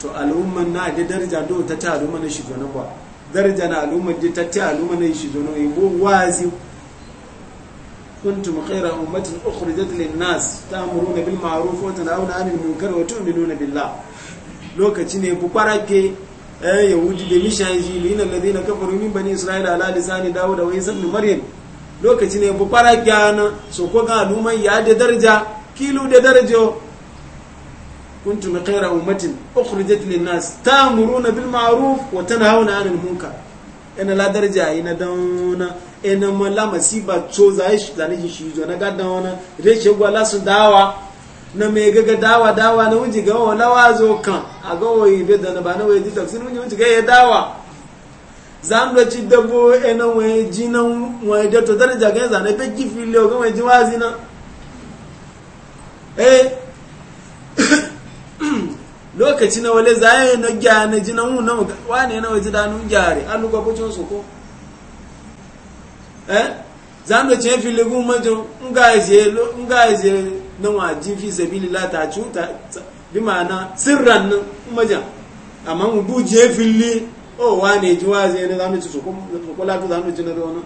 to al'umman na da daraja do ta ta al'umma na shi ba daraja na al'umma da ta ta al'umma na shi zo na ibo wazi kuntum khayra ummatin ukhrijat lin-nas ta'muruna bil ma'ruf wa tanhauna 'anil munkar wa tu'minuna billah lokaci ne bu barake eh yahudi da mishanji min alladhina kafaru min bani isra'ila ala lisani dawud wa isa ibn maryam lokaci ne bu barake ana so ko ga da daraja kilu da darajo kuntum khayra ummatin ukhrijat lin-nas ta'muruna bil ma'ruf wa tanhauna 'anil munkar ina la daraja ina dauna ena mala masiba tsoza shi zane shi shi zo na gadan wana reshe gwala su dawa na me gaga dawa dawa na wuji ga wala wazo kan a ga woyi da na ba na ga ya dawa ci ena da to ga zane ga ji na eh (coughs) lokaci na wale zai na na mu na na waje da gyare an su ko eh da ce fili gun majo in ga je na waji fi sabili la ta cuta bi ma'ana sirran nan majan amma mu bu je fili o wa ne ji wa zai na zanuci su ko la zanuci na rona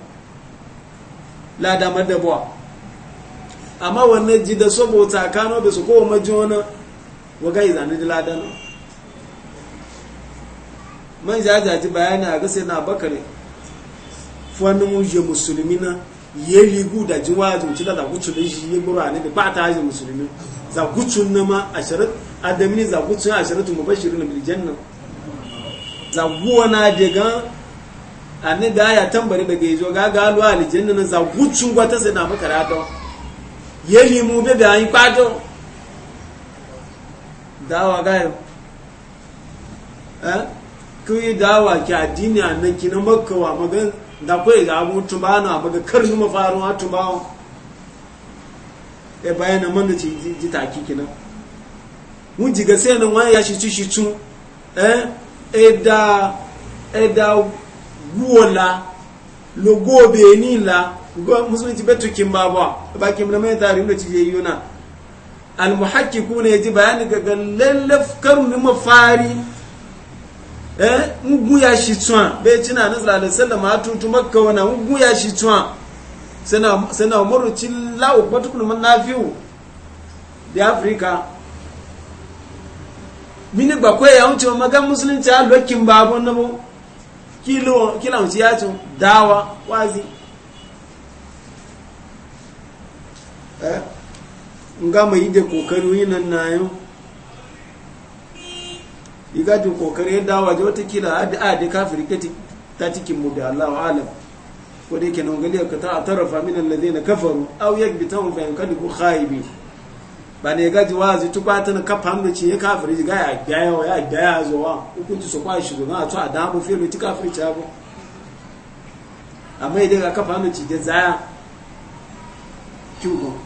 la da madabuwa amma wannan ji da saboda kano da su ko na wa yi zanu da ladan man jajaji bayani a ga na bakare fọ́nù yẹ mùsùlùmí náà yẹ ligu da ji wajin ci da zagucu da shi yi buru a nabi ta hajji musulmi zagucu na ma ashirin adamini zagucu na ashirin tumu bashirin na biljan nan zaguwa na daga a ne da ya tambari daga yajo ga galo a aljanna na na maka rata ya limu bebe an yi kwato dawa gayo eh kuyi dawa ki addini a nan ki na da kwai da abu tumba na abu kar karni mafarin a tumba ya e bayan na mana ci ji taki kina mun ji sai nan wani ya shi shi tun eh e da eda guola gobe ni la go musulunci betu kin ba ba kin na mai tarihi da ci yi yuna al muhakkikuna yaji bayani ga lallaf karni mafari eh ngu ya shi tuwa bai cina na da sallam ma tutu makka wana ngu ya shi tuwa sana sana umaru cillawo batukun man nafiu da afrika mini gba ya wuce maga musulunci a lokin babon nabo kilo kila wuce ya tun dawa wazi eh nga mai da kokari yin nan na yau igajin kokarin dawa ji watakila a da kafin kati ta cikin mu da Allah wa alam ko da yake na galiyar ka ta a tarafa min allazi na kafaru au yak bi tawun fa yankadi bu khaibi ba ne gaji wa zai tuba ta na kafa mu ce ya kafiri ga ya gaya wa ya gaya zuwa hukunci su kwashi zo na to a damu fi mu ci kafiri ta go amma idan ka kafa mu ce da zaya kyugo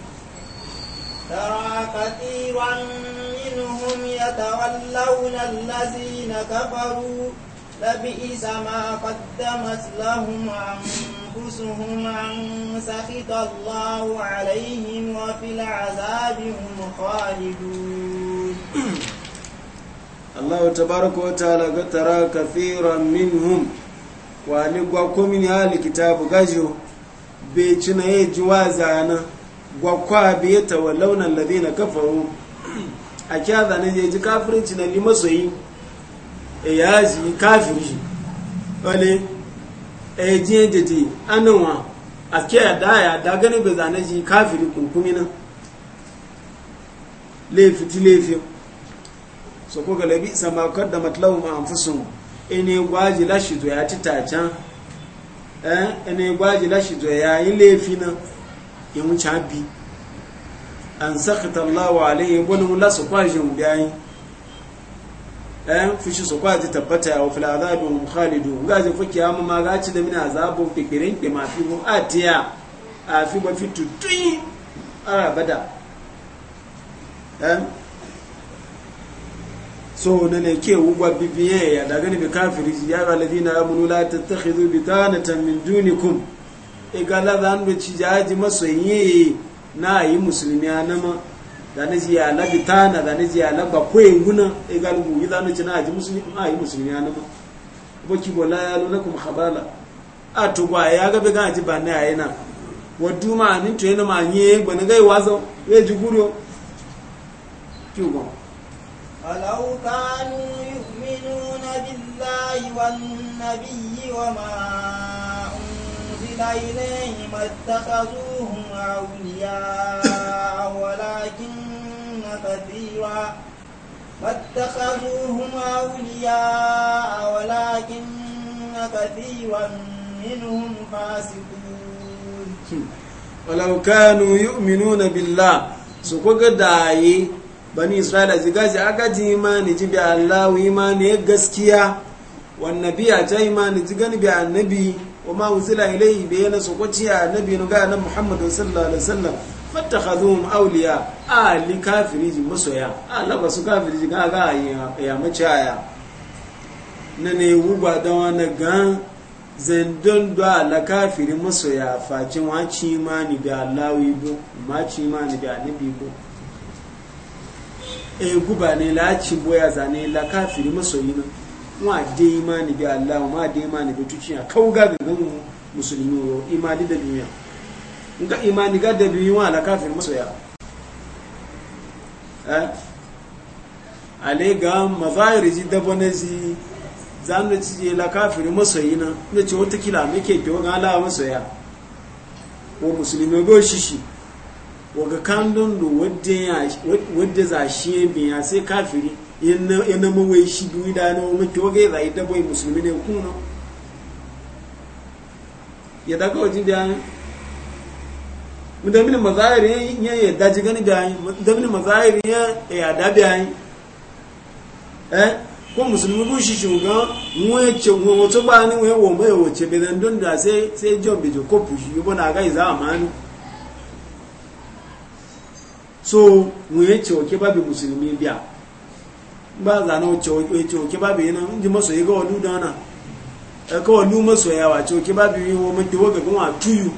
ترى كثيرا منهم يتولون الذين كفروا لبئس ما قدمت لهم أنفسهم أن سخط الله عليهم وفي العذاب هم خالدون الله تبارك وتعالى ترى كثيرا منهم wani gwa komini hali kitabu gajo bai cina juwa zana gwakwa biye ta launan lade na kafaru a kya zane ya ji kafirinci na lima soyi e ya ji kafiri wale e ji ya jeje anuwa a kya da ya da ganin bai zane ji kafiri kunkumi nan laifi laifin laifi so ko galabi sama kadda matlawu ma anfusun ene gwaji lashi zuwa ya ci tacan ne eh, ene gwaji lashi zuwa ya yi laifi nan ya wuce habi an sakata Allah alayhi wani wula su kwajin bayan ɗayan fushi su kwaji tabbata ya wafila azabin mu khalidu gajin fuki ya mu magaci da mina azabin fikirin da mafi mu tiya a fi ba fi rabada ɗayan so na ne ke wugwa bibiye daga ni bi kafiri ya na amunula ta ta tattakhidhu bitanatan min dunikum igala zan da ci jaji masoyi na yi musulmi anama da na ji ala bitana da na ji ala ba koyi guna igal mu yi zan ci na ji musulmi ma yi musulmi anama boki bola ya lula kuma khabala a to ba ya ga be ga ji ba na yana wadu ma ni to yana ma nye ba na ga wazo we ji guro ki go alau kanu yu'minuna billahi wan nabiyyi wa ma إليهم اتخذوهم أولياء ولكن كثيرا واتخذوهم أولياء ولكن كثيرا منهم فاسقون ولو كانوا يؤمنون بالله سكوك داعي bani isra'ila zigaji agaji imani ji bi allahu imani ya gaskiya wannabi a ta imani ji gani bi annabi wa ma wuzi la ilai ibe yana sokoci a nabi na gaya nan muhammadu sallallahu alaihi wasallam fata hazu mu auliya a li kafiri ji maso ya a labasu kafiri a yi ya mace a ne wu ba don wani gan zendon do a la kafiri maso ya facin wa ci ma ni da lawi bu ma ci ma ni da bu e guba ne laci ci boya zane la kafiri maso yi wa de imani bi Allah ma de imani bi tuciya kau ga ga musulmi ro imani da duniya ga imani ga da duniya wa la kafir masoya eh ale ga mazahir ji dabone ji zanu ci je la kafir masoyi na ne ce wata kila muke ke wa Allah masoya wa musulmi go shishi wa ga kandun do wadda ya wadda zashi biya sai kafiri yana mawai shi biyu da na wani kyoge za yi dabai musulmi ne kuna ya daga wajen da yanyi mudamin mazahiri ya yi daji gani da yanyi mudamin mazahiri ya yi adabi yanyi eh ko musulmi kun shi shugan wace wato ba ni wai woma ya wace bezan don da sai sai john bejo ko fushi yi bona ga iza amani so mu yace wake babu musulmi biya ba zana coke ba bi yana inji maso yi ga wadu dana ka wadu maso yawa coke ba bi yiwu mafi waga gama tuyu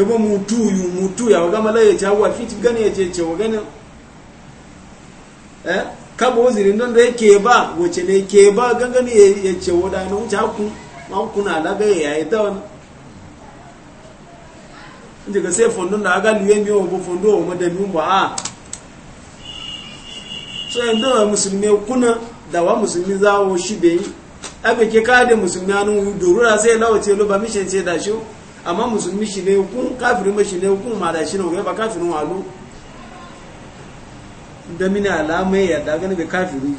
ebo mu tuyu mu tuya waga mala ya ca wa fit gani ya ce ce wa gani eh kaba wazirin nan da yake ba wace ne ke ba gangani ya ce wa dana wuce haku ma kuna laga ya yi ọnụ. wani inji ga sai fondon da aga liwe miyo bu fondo wa madami ba a ah, so yanzu wa musulmi kuna da wa musulmi a shi bai abin ke kada musulmi hannun dorura sai lawace lo ba mishin ce da shi amma musulmi shi ne hukun kafirin ba shi ne hukun ma da shi ne ba kafirin walu da mini alamai ya da gani bai kafiri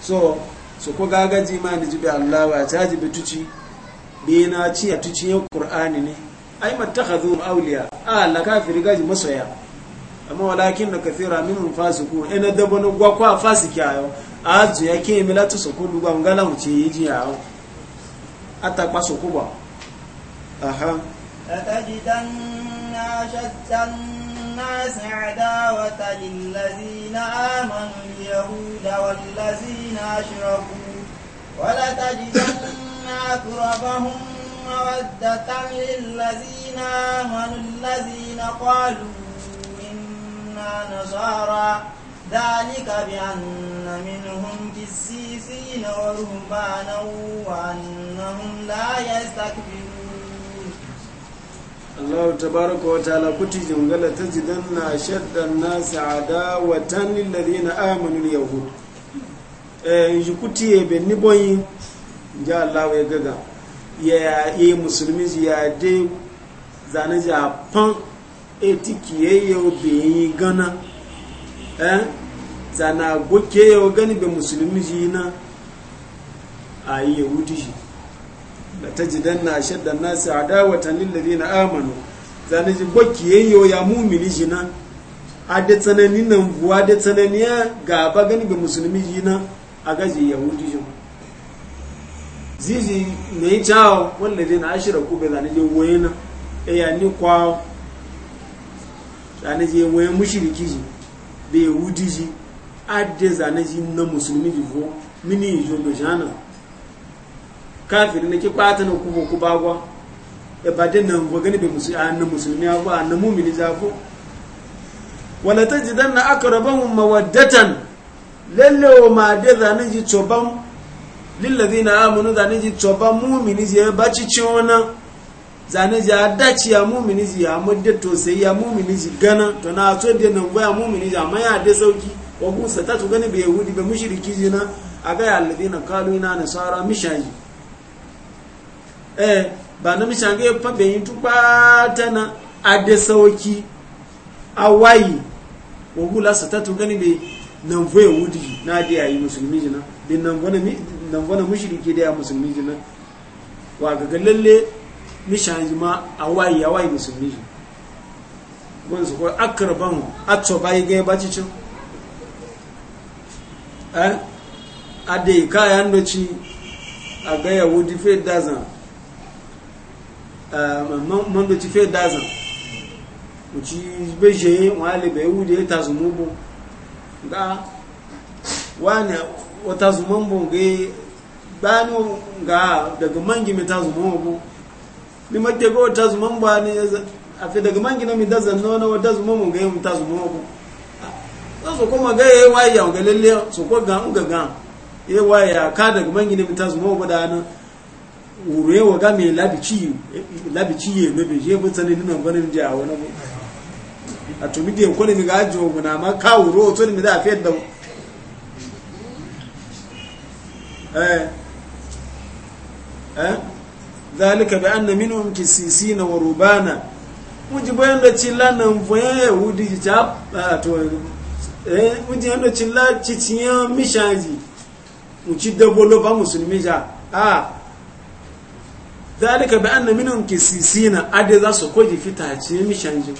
so so ko gagaji ma ni jibi Allah wa ta jibi tuci bi na ci a tuci ya qur'ani ne ai mattakhadhu awliya a ah, la kafiri gaji masoya amma walakin na kafira minun fasiku ina dabo na fasiki a yau a hajji ya ke mila ta soko lugwa ngala mu ce yiji ayo atakpa soko ba aha atajidanna shattan الناس عداوة ولتجدن أقربهم مودة للذين آمنوا الذين قالوا نصارى ذلك بأن منهم كسيسين ورهبانا وأنهم لا يستكبرون الله تبارك وتعالى كتج قال تجدن أشد الناس عداوة للذين آمنوا اليهود ji kutiye be niboyi ja Allah ya gaga ya yi musulmi ya dai zane eti kiyayya obinyi gana eh zana gokeya gani be musulmi ji na ayi yahudi shi da ta jidan na shaddan nasi adawatan lil na amanu zana ji gokiyayya ya mumini ji na ade tsanani nan buwa ya ga ba gani be musulmi jina a gaji yahudi ji zizi ne chao wanda zai na ashirar kube zane je woyina e ya ni kwa. zane je waye mushriki ji be yahudi ji adde zane ji na musulmi ji vo mini jo do jana kafiri ne ki kwata na kubo ku bagwa e baden nan go gani be musulmi na musulmi abu na mu'mini za ko wala tajidanna aqrabahum mawaddatan lalle ma de zane ji toban lillazina amanu zane ji toban mu'mini je baci ciwona zane ji a daci ya mumini ji ya mudde to sai ya mumini ji gana to na so da nan ba ya mumini ji amma ya da sauki ko kun sa ta to gani bai yahudi ba mushriki ji na aga ya alladina kalu ina nasara mishaji eh ba na mishange fa bai yi ta na a da sauki wayi ko kula sa ta to gani bai nan bai yahudi na da yayi musulmi ji na din nan bona nan mushriki da ya musulmi ji na wa ga lalle mishanji ma awayi awayi musulmi ji gwan su kawai akarban atso bayi gaya baci cin eh ade kayan doci a ga yahudi fe dazan eh, man doci fe dazan uci beje wale bai yahudi ya tazu mubu ga wani wata zuman bunge gano ga daga mangi mai tazu mubu mi makke go ta zuma ba ne a fi daga man gina mi da zanno na wata zuma mu ga mu ta zuma ko so so kuma ga ya wai ya ga lalle so ko ga ga ga ya wai ya ka daga man gina mi ta zuma ko da nan wuri wa ga mi labici labici ye ne be je mutane dinan ganin ja wani bu a to mi de ko ne mi ga ajo na ma ka wuro to ne mi da fi da eh eh zalika bi anna minhum kisisina wa rubana muji bayan da cilla nan voye yahudi ta ah, to eh muji yanda cilla ciciya mishaji muci dabolo ba musulmi ja a ah. zalika bi anna minhum kisisina ade za su koji mishaji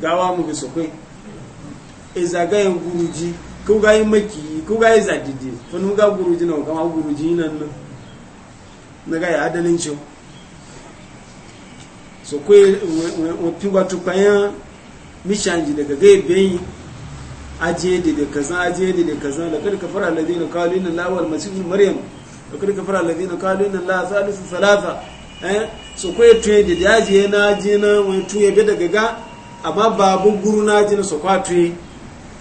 gawa mu bi su kai izagayen maki ko ga yi zadidi ga guruji na ko ga guruji nan nan na gaya ya adalincin so kwe wafi wato bayan mishanji daga gai bayi ajiye da da kaza ajiye da da kaza da kada kafara alladhina qalu inna allaha wal masih maryam da kada kafara alladhina qalu inna allaha salisu salasa eh so kwe tuye da da ajiye na ajiye na wani tuye ga daga ga amma babu guru na ajiye so kwa tuye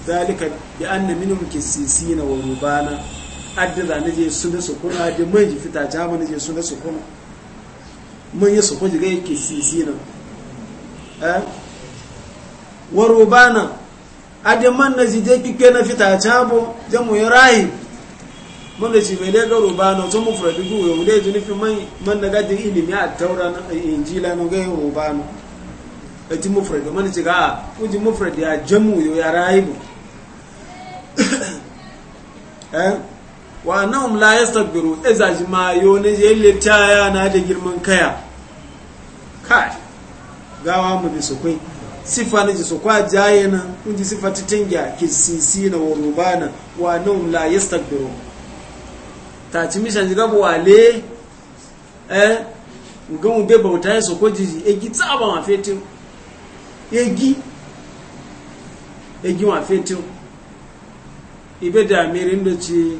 zalika bi anna minhum kisisina wa rubana adda na je suna su kuna adda mai ji fita ta mana je suna su kuna mun yi su kuji ga yake sisi nan eh warubana adda man na ji je kike na fita ta bo je mu yi rayi mun da ji mele ga rubana to mu furabi go yo le jini fi man man na gaji ilimi a taura na eh, injila no ga rubana ati e mu furabi man ji ga ah, ku ji mu furabi a jamu yo ya rayu. (coughs) eh wa nahum la yastakbiru ezaji ma yo ne je leta ya na da girman kaya kai gawa mu bi su kai sifa ne ji su kwa jaye na kun ji sifa titinga ki sisi na warubana wa nahum la yastakbiru ta ci mishan ji gabo wale eh ngan ube bauta ya su kwaji ji egi tsaba ma fetin egi egi ma fetin ibe da mirin da ci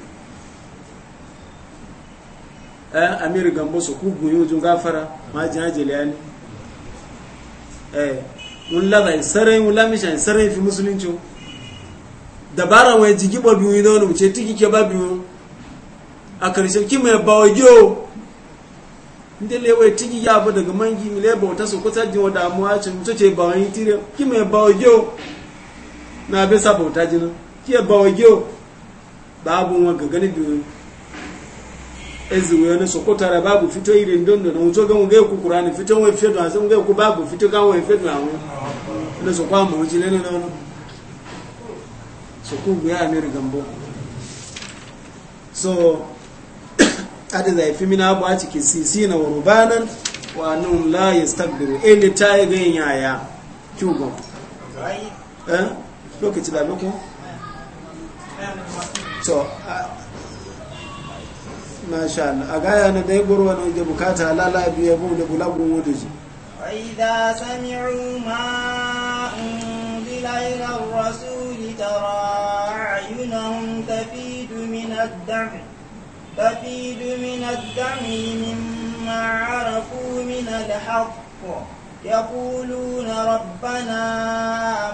eh amir gambo su ku guyo jun gafara ma ji hajjali yani eh mun laga sarai mun lamisha sarai fi musulunci dabara wai jigi ba biyu da wani ce tiki ke ba biyu a karshe ki mai bawa giyo inda lewe tiki ya bu daga mangi mi leba bauta su kusa jiwa damuwa ce mutu ce bawa yi tire ki mai bawa giyo na bisa bauta jina ki ya bawa giyo babu wani gagani biyu ezinwe yone sokotara babu fito ire ndondo na muge ku Qur'an fito we fito ase ku babu fito ka we fito awe ne sokwa mu muji no nono sokugu ya ne rigambo so (coughs) ade da ifi mina abu aci kisisi na warubanan wa nun la yastakbiru ele ta ga yaya kyugo eh lokaci da bako eh. so mashallah a gaya na dai gurwa ne da bukata lalata biya bu da bulagun wuri ji wa'iza sami'u ma'un lilayen rasuli tara ayyunan tafi dumin addami tafi dumin addami mimma arafu min alhaqo ya kulu na rabbana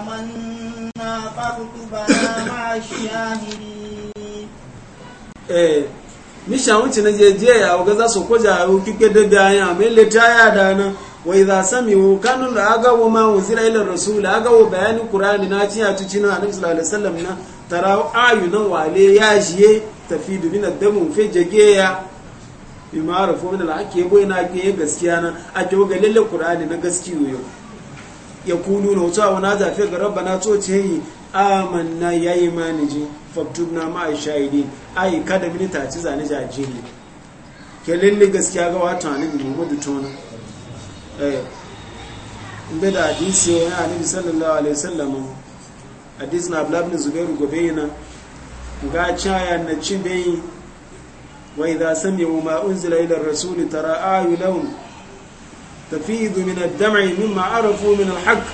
manna fa kutu ba na ma'ashiyahiri eh, misha wuce na jeje ya waga za su kwaja a kike da daya mai leta ya dana wai za sami wu da agawo ma wu ilin rasulu agawo bayanin kur'ani na ci a tuci na annabi sallallahu alaihi na tara na wale ya jiye tafi na damu fe jage ya bi ma rafu min ake boye na ke gaskiya na ake ga lalle kurani na gaskiyo ya kulu na wuta a na zafe ga rabba na ce yi amanna ya yi manijin faktub na ma'a shahidi yi kada milita ci zane jaji ne ke lalle gaskiya ga watan annabi muhammadu tona In eh, inda da hadisi wani annabi sallallahu alaihi wasallam hadisi na abdullahi bin zubairu gobe yana ga caya na cibe wa idza sami'u ma unzila ila ar-rasuli tara ayu lahum tafidu min ad-dam'i mimma arafu min al-haqq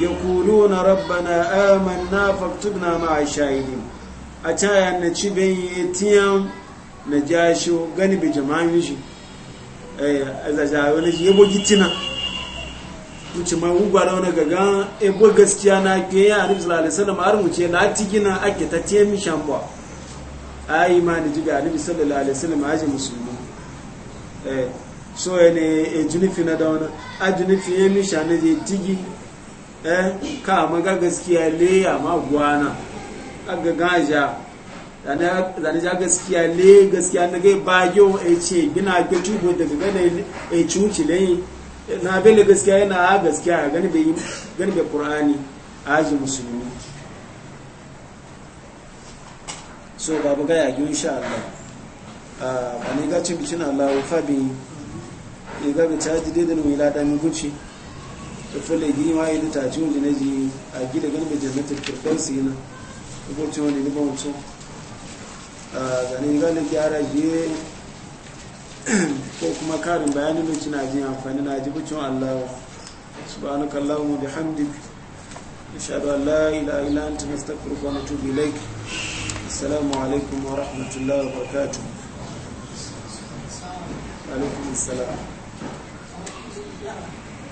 يقولون ربنا آمنا فاكتبنا مع الشاهدين أتايا بين يتيام نجاشو غني بجمعين شي أي يبو جتنا wuce ma wugwa da wani gaga ebo gaskiya na ke yi a nufi salalai salama har wuce lati gina ake ta ce mi shamba a yi ma da jiga a nufi salalai salama aji musulmi so ya e junifi na da wani a junifi ya mi eh ka maga gaskiya le ma gwana aga gaja zane ja gaskiya le gaskiya na gai bayo a ce gina ga tubo e ga ne a cuci le e na le gaskiya yana e a gaskiya gani bai gani bai qur'ani aji musulmi so babu ga yagi insha Allah a bani ga cin bicin Allah fa bi ga ga ta jide da mu ila da mu guci ta gini ma yi ta ci wunji na ji a gida galibin su yi na rubutu wani liban wucin a zanen ganin gyara je ko kuma karin bayanin mai cina jin amfani na ji bucin allah subhanaka allahumma shaɗu ashhadu ila ila an illa anta nastaghfiruka na tubi ilaik assalamu alaikum wa rahmatullahi wa barakatuh alaikum assalam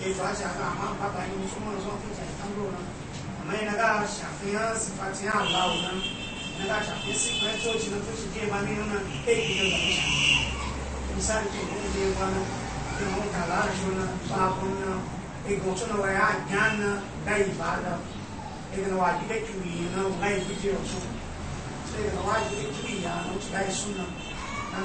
e to a shafi amma papa yi musu mana zuwa kun yana ga shafi ya sifati ya allahu nan ne da mu na sai ga wa na wuce suna an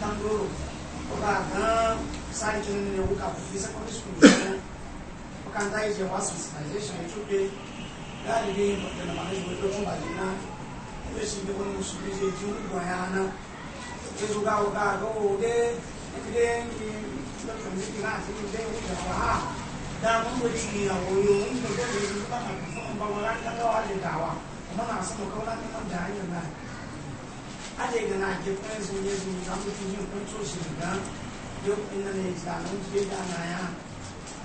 tangoro oka gan sáré kí nínú ewu kà fún secondary school nìkan oka n táyé jẹ da sensitization ètò pé láàrin bí ọ̀gbẹ̀nà management ló tún bàjẹ́ náà ó sì ní wọn oṣù méje tí ó gbọ̀n ya náà ètò ga ọ̀gá àgọ́wò dé ẹgbẹ́ ní lọ́tọ̀ méjì náà àti ilé ìwé ìjọba ha dáàmú ló ti ní àwọn oyè òun ní ọjọ́ ìrẹsì tó bá kà fún ọba wọn láti dáwà lè dà wà ọmọ náà sọmọ kọ́ láti mọ̀ dà á yẹn náà aje ga na ke kun su ne su da shi ga yo inna ne sa mun je da na ya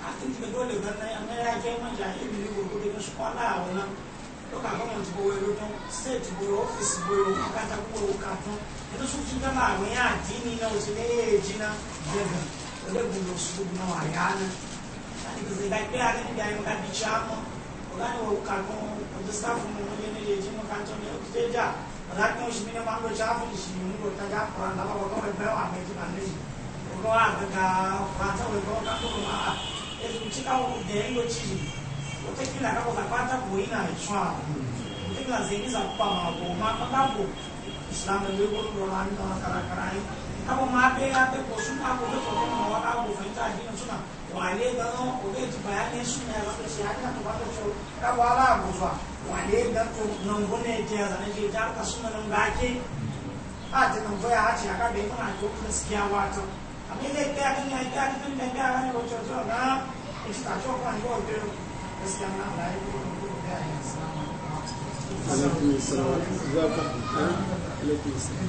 a tin ga dole ga na an ya ke man ja ibi ne go ga su ka set go office go yo ka ta go ka su ji ma wa ya ji ni na su na daga da go na wa na ani ko zai ga ya ga ni ni wo ka ko da staff mu ọ̀làkùn oṣù mi náà máa ń lọ ṣááfù ìṣù mi a tájà kọ́ àlàbà wọ́n kọ́ ẹgbẹ́ wà méjì bá wale ganan oge ti bayanin suna ya wata shi ta wata ala abubuwa wale da to nan gune ke ya zane ke jarka suna nan ba a ti nan goya haci haka bai kuna ko gaskiya wato amma ilai ka kin ya ka kin da ka ne wato to ga ista to kan go de gaskiya na da yi ko da ya sama alaikum assalam zaka alaikum assalam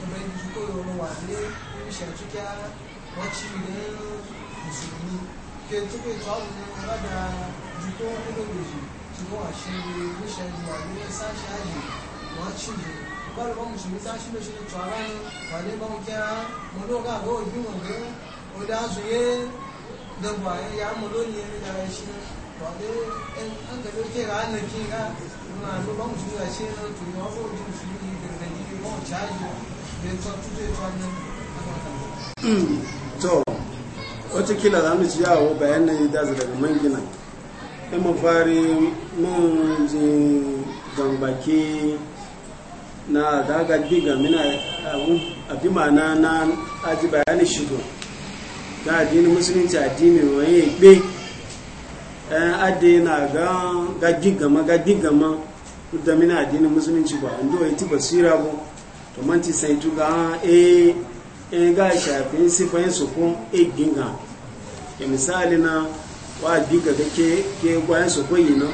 kamar yanzu koyo na wale in shaci gyara wacce ne musulmi ke tukai tsawo ne kuma da jiko wani lokaci su ko a shi ne sa shi haji wacce ne bari ba musulmi sa shi ne tsara ne wale ba mu kira mu doga ga wani mu ga o da su ye da ba ya mu lo ne da shi wale an ka doke ga annabi ga ma ba da shi ne to ya ko musulmi ne ba to watakila za mu ci yawo bayanai da su da man gina in mu fari mun ji gambaki na daga diga mina abi mana na aji bayanin shigo ga addinin musulunci addinin wani ya gbe ɗan adi na ga gigama gama gigama da mina addinin musulunci ba inda wai ti basira bu to manti sai tuga e e ga shafin sifayin su kun e eh, ginga e misali na wa diga ga ke ke gwayan su kun yi no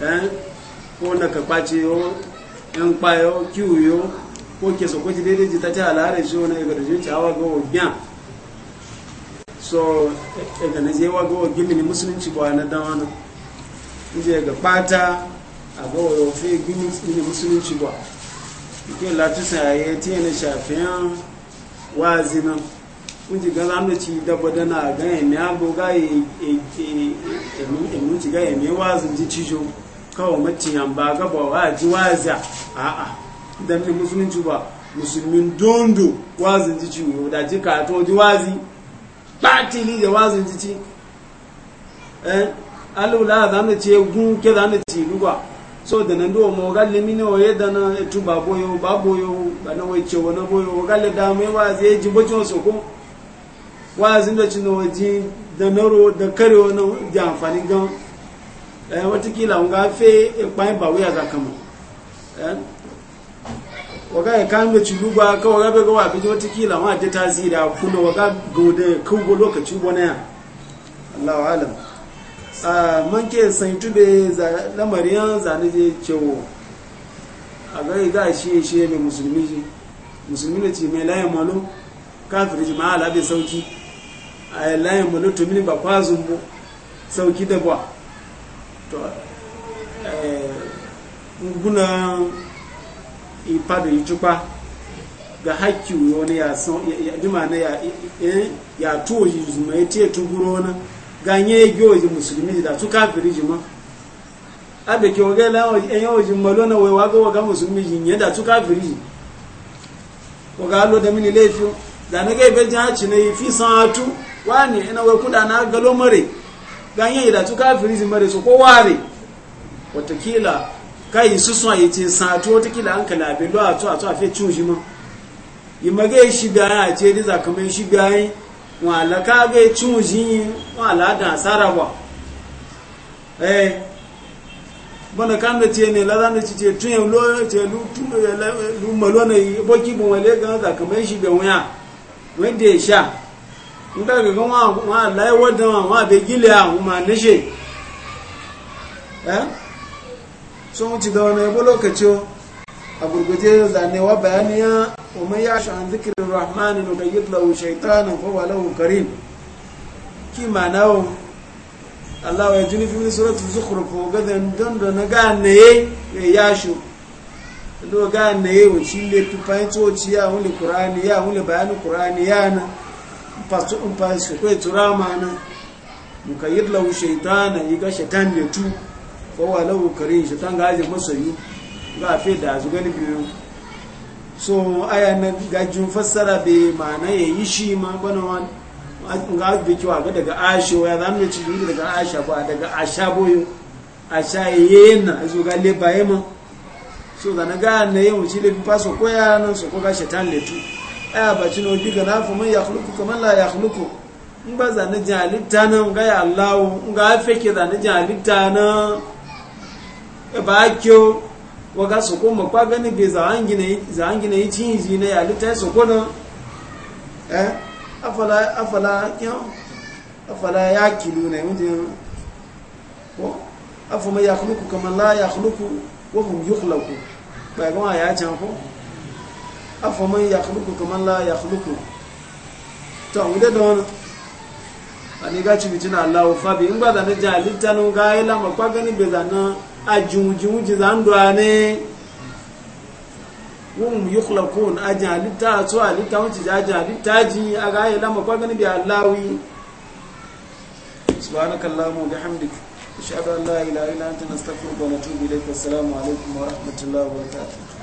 dan ko na ka kwace yo en pa yo kiu yo ko ke so ko ti dede ji ta ta alare jo na e ga ju ta wa go bian so e, e ga ne je wa go gimi ni musulunci ba na dan wani je ga pata a ga wo fi gimi ni musulunci ba ike lati sayaye ti yana shafiyan wazi nan ji ci dabba ga abu ga ci ga wazi ji ba ga ba wa ji wazi a a musulunci ba musulmin dondo ji da ji ka to ji wazi batili da ji ci eh gun ke ci lugwa so da nan do mo galle mini o ye na tu ba boyo ba boyo bana wai ce wani boyo galle da mai wa zai ji bacin so ko wa zin da cin waje da naro da kare wani da amfani gan eh watakila un ga fe e pa ba wai za kama eh waga ya kan da ciluba ka waga be ga wa bi watakila ma ta zira a kuna waga gode kugo lokaci wani ya Allahu alam man ke san tube lamariyan zane je cewo a gari ga shi shi ne musulmi ji musulmi ne ce mai layin malo kafir ji ma'ala bai sauki a layin malo to mini ba kwazun bu sauki da ba to eh, guna ipa da yi tukpa ga haƙƙi wani ya san ya jima na ya to yi zuma ya ce tuguro na ganye oji musulmi da su kafiri jima abe ke oge la enye oji malo na wewa ga waga musulmi ji nye da su kafiri ji waga lo da mini laifi e da na ga ibe jaci na ifi san atu wani ina wai kuda na galo mare ganye da su kafiri ji mare su ko ware watakila kai su sun yi ce san atu watakila an kala be lo atu atu a fe cin shi ma yi mage shi ga ya ce diza kamar shi ga yi wọn àlàká gbé tún yíyí wọn àlàádàn sára wà ẹ́ bọ́nà kánà tí ẹni ládánà ti tún yẹn lú mọ̀lọ́nà bókí bọ̀ wọn lẹ́gàn zàkàmẹ́ ìṣìgbẹ̀ wọn yà wọ́n dẹ̀ ṣà ń gbàgbẹ̀ kan wọn àláìwọ́dàn àwọn àbẹ̀gílẹ̀ àwọn mà níṣe ẹ́ tó ń ti dọ̀nà ẹgbó lókè tí a gurguje zanewa bayaniya wa mai ya shi an zikirin rahmanin da yi lau shaitanin kowa lau karim ki ma'anawo allawa ya jini fi suratun zukurku gadon dondo na ganaye ya yasho lo ganaye wa shi le tufayin tsoci ya wuli kurani ya wuli bayanin kurani ya na fasu in fasu kai turama na muka yi lau shaitanin yi ga shaitan ya tu kowa lau karim shaitan ga ajin masoyi ba fi da su gani biyu so aya na gajin fassara be ma'ana ya yi shi ma bana wa ga bi kiwa ga daga asho ya zamu ci daga asha ba daga asha boyo asha yena zo ga le baye ma so da na ga na yau ci le paso ko ya nan so ko ga shaitan le tu aya ba ci no diga na fa man ya khluqu kamar la ya khluqu in ba za na halitta nan ga ya Allah in ga fake za na jalita nan ba kyo waga soko makwa gani be za an na yi cinji na ya lita soko na eh afala afala yan afala ya kilu na yi ko afama ya kuluku kamar la ya kuluku wahum yukhlaku bai gama ya can ko afama ya kuluku kamar la ya kuluku to wuda da wani a ni gaci bitin allahu fabi in ba da na jalita nun ga yi lama kwa gani be za na a jimujimujin zanduwa ne wum yukhlaqun ajin halitta so halitta wancin jajin halitta ji a ga yi lamba kwa gani bi allawi subhanaka allahumma bihamdik alaikum wa rahmatullahi wa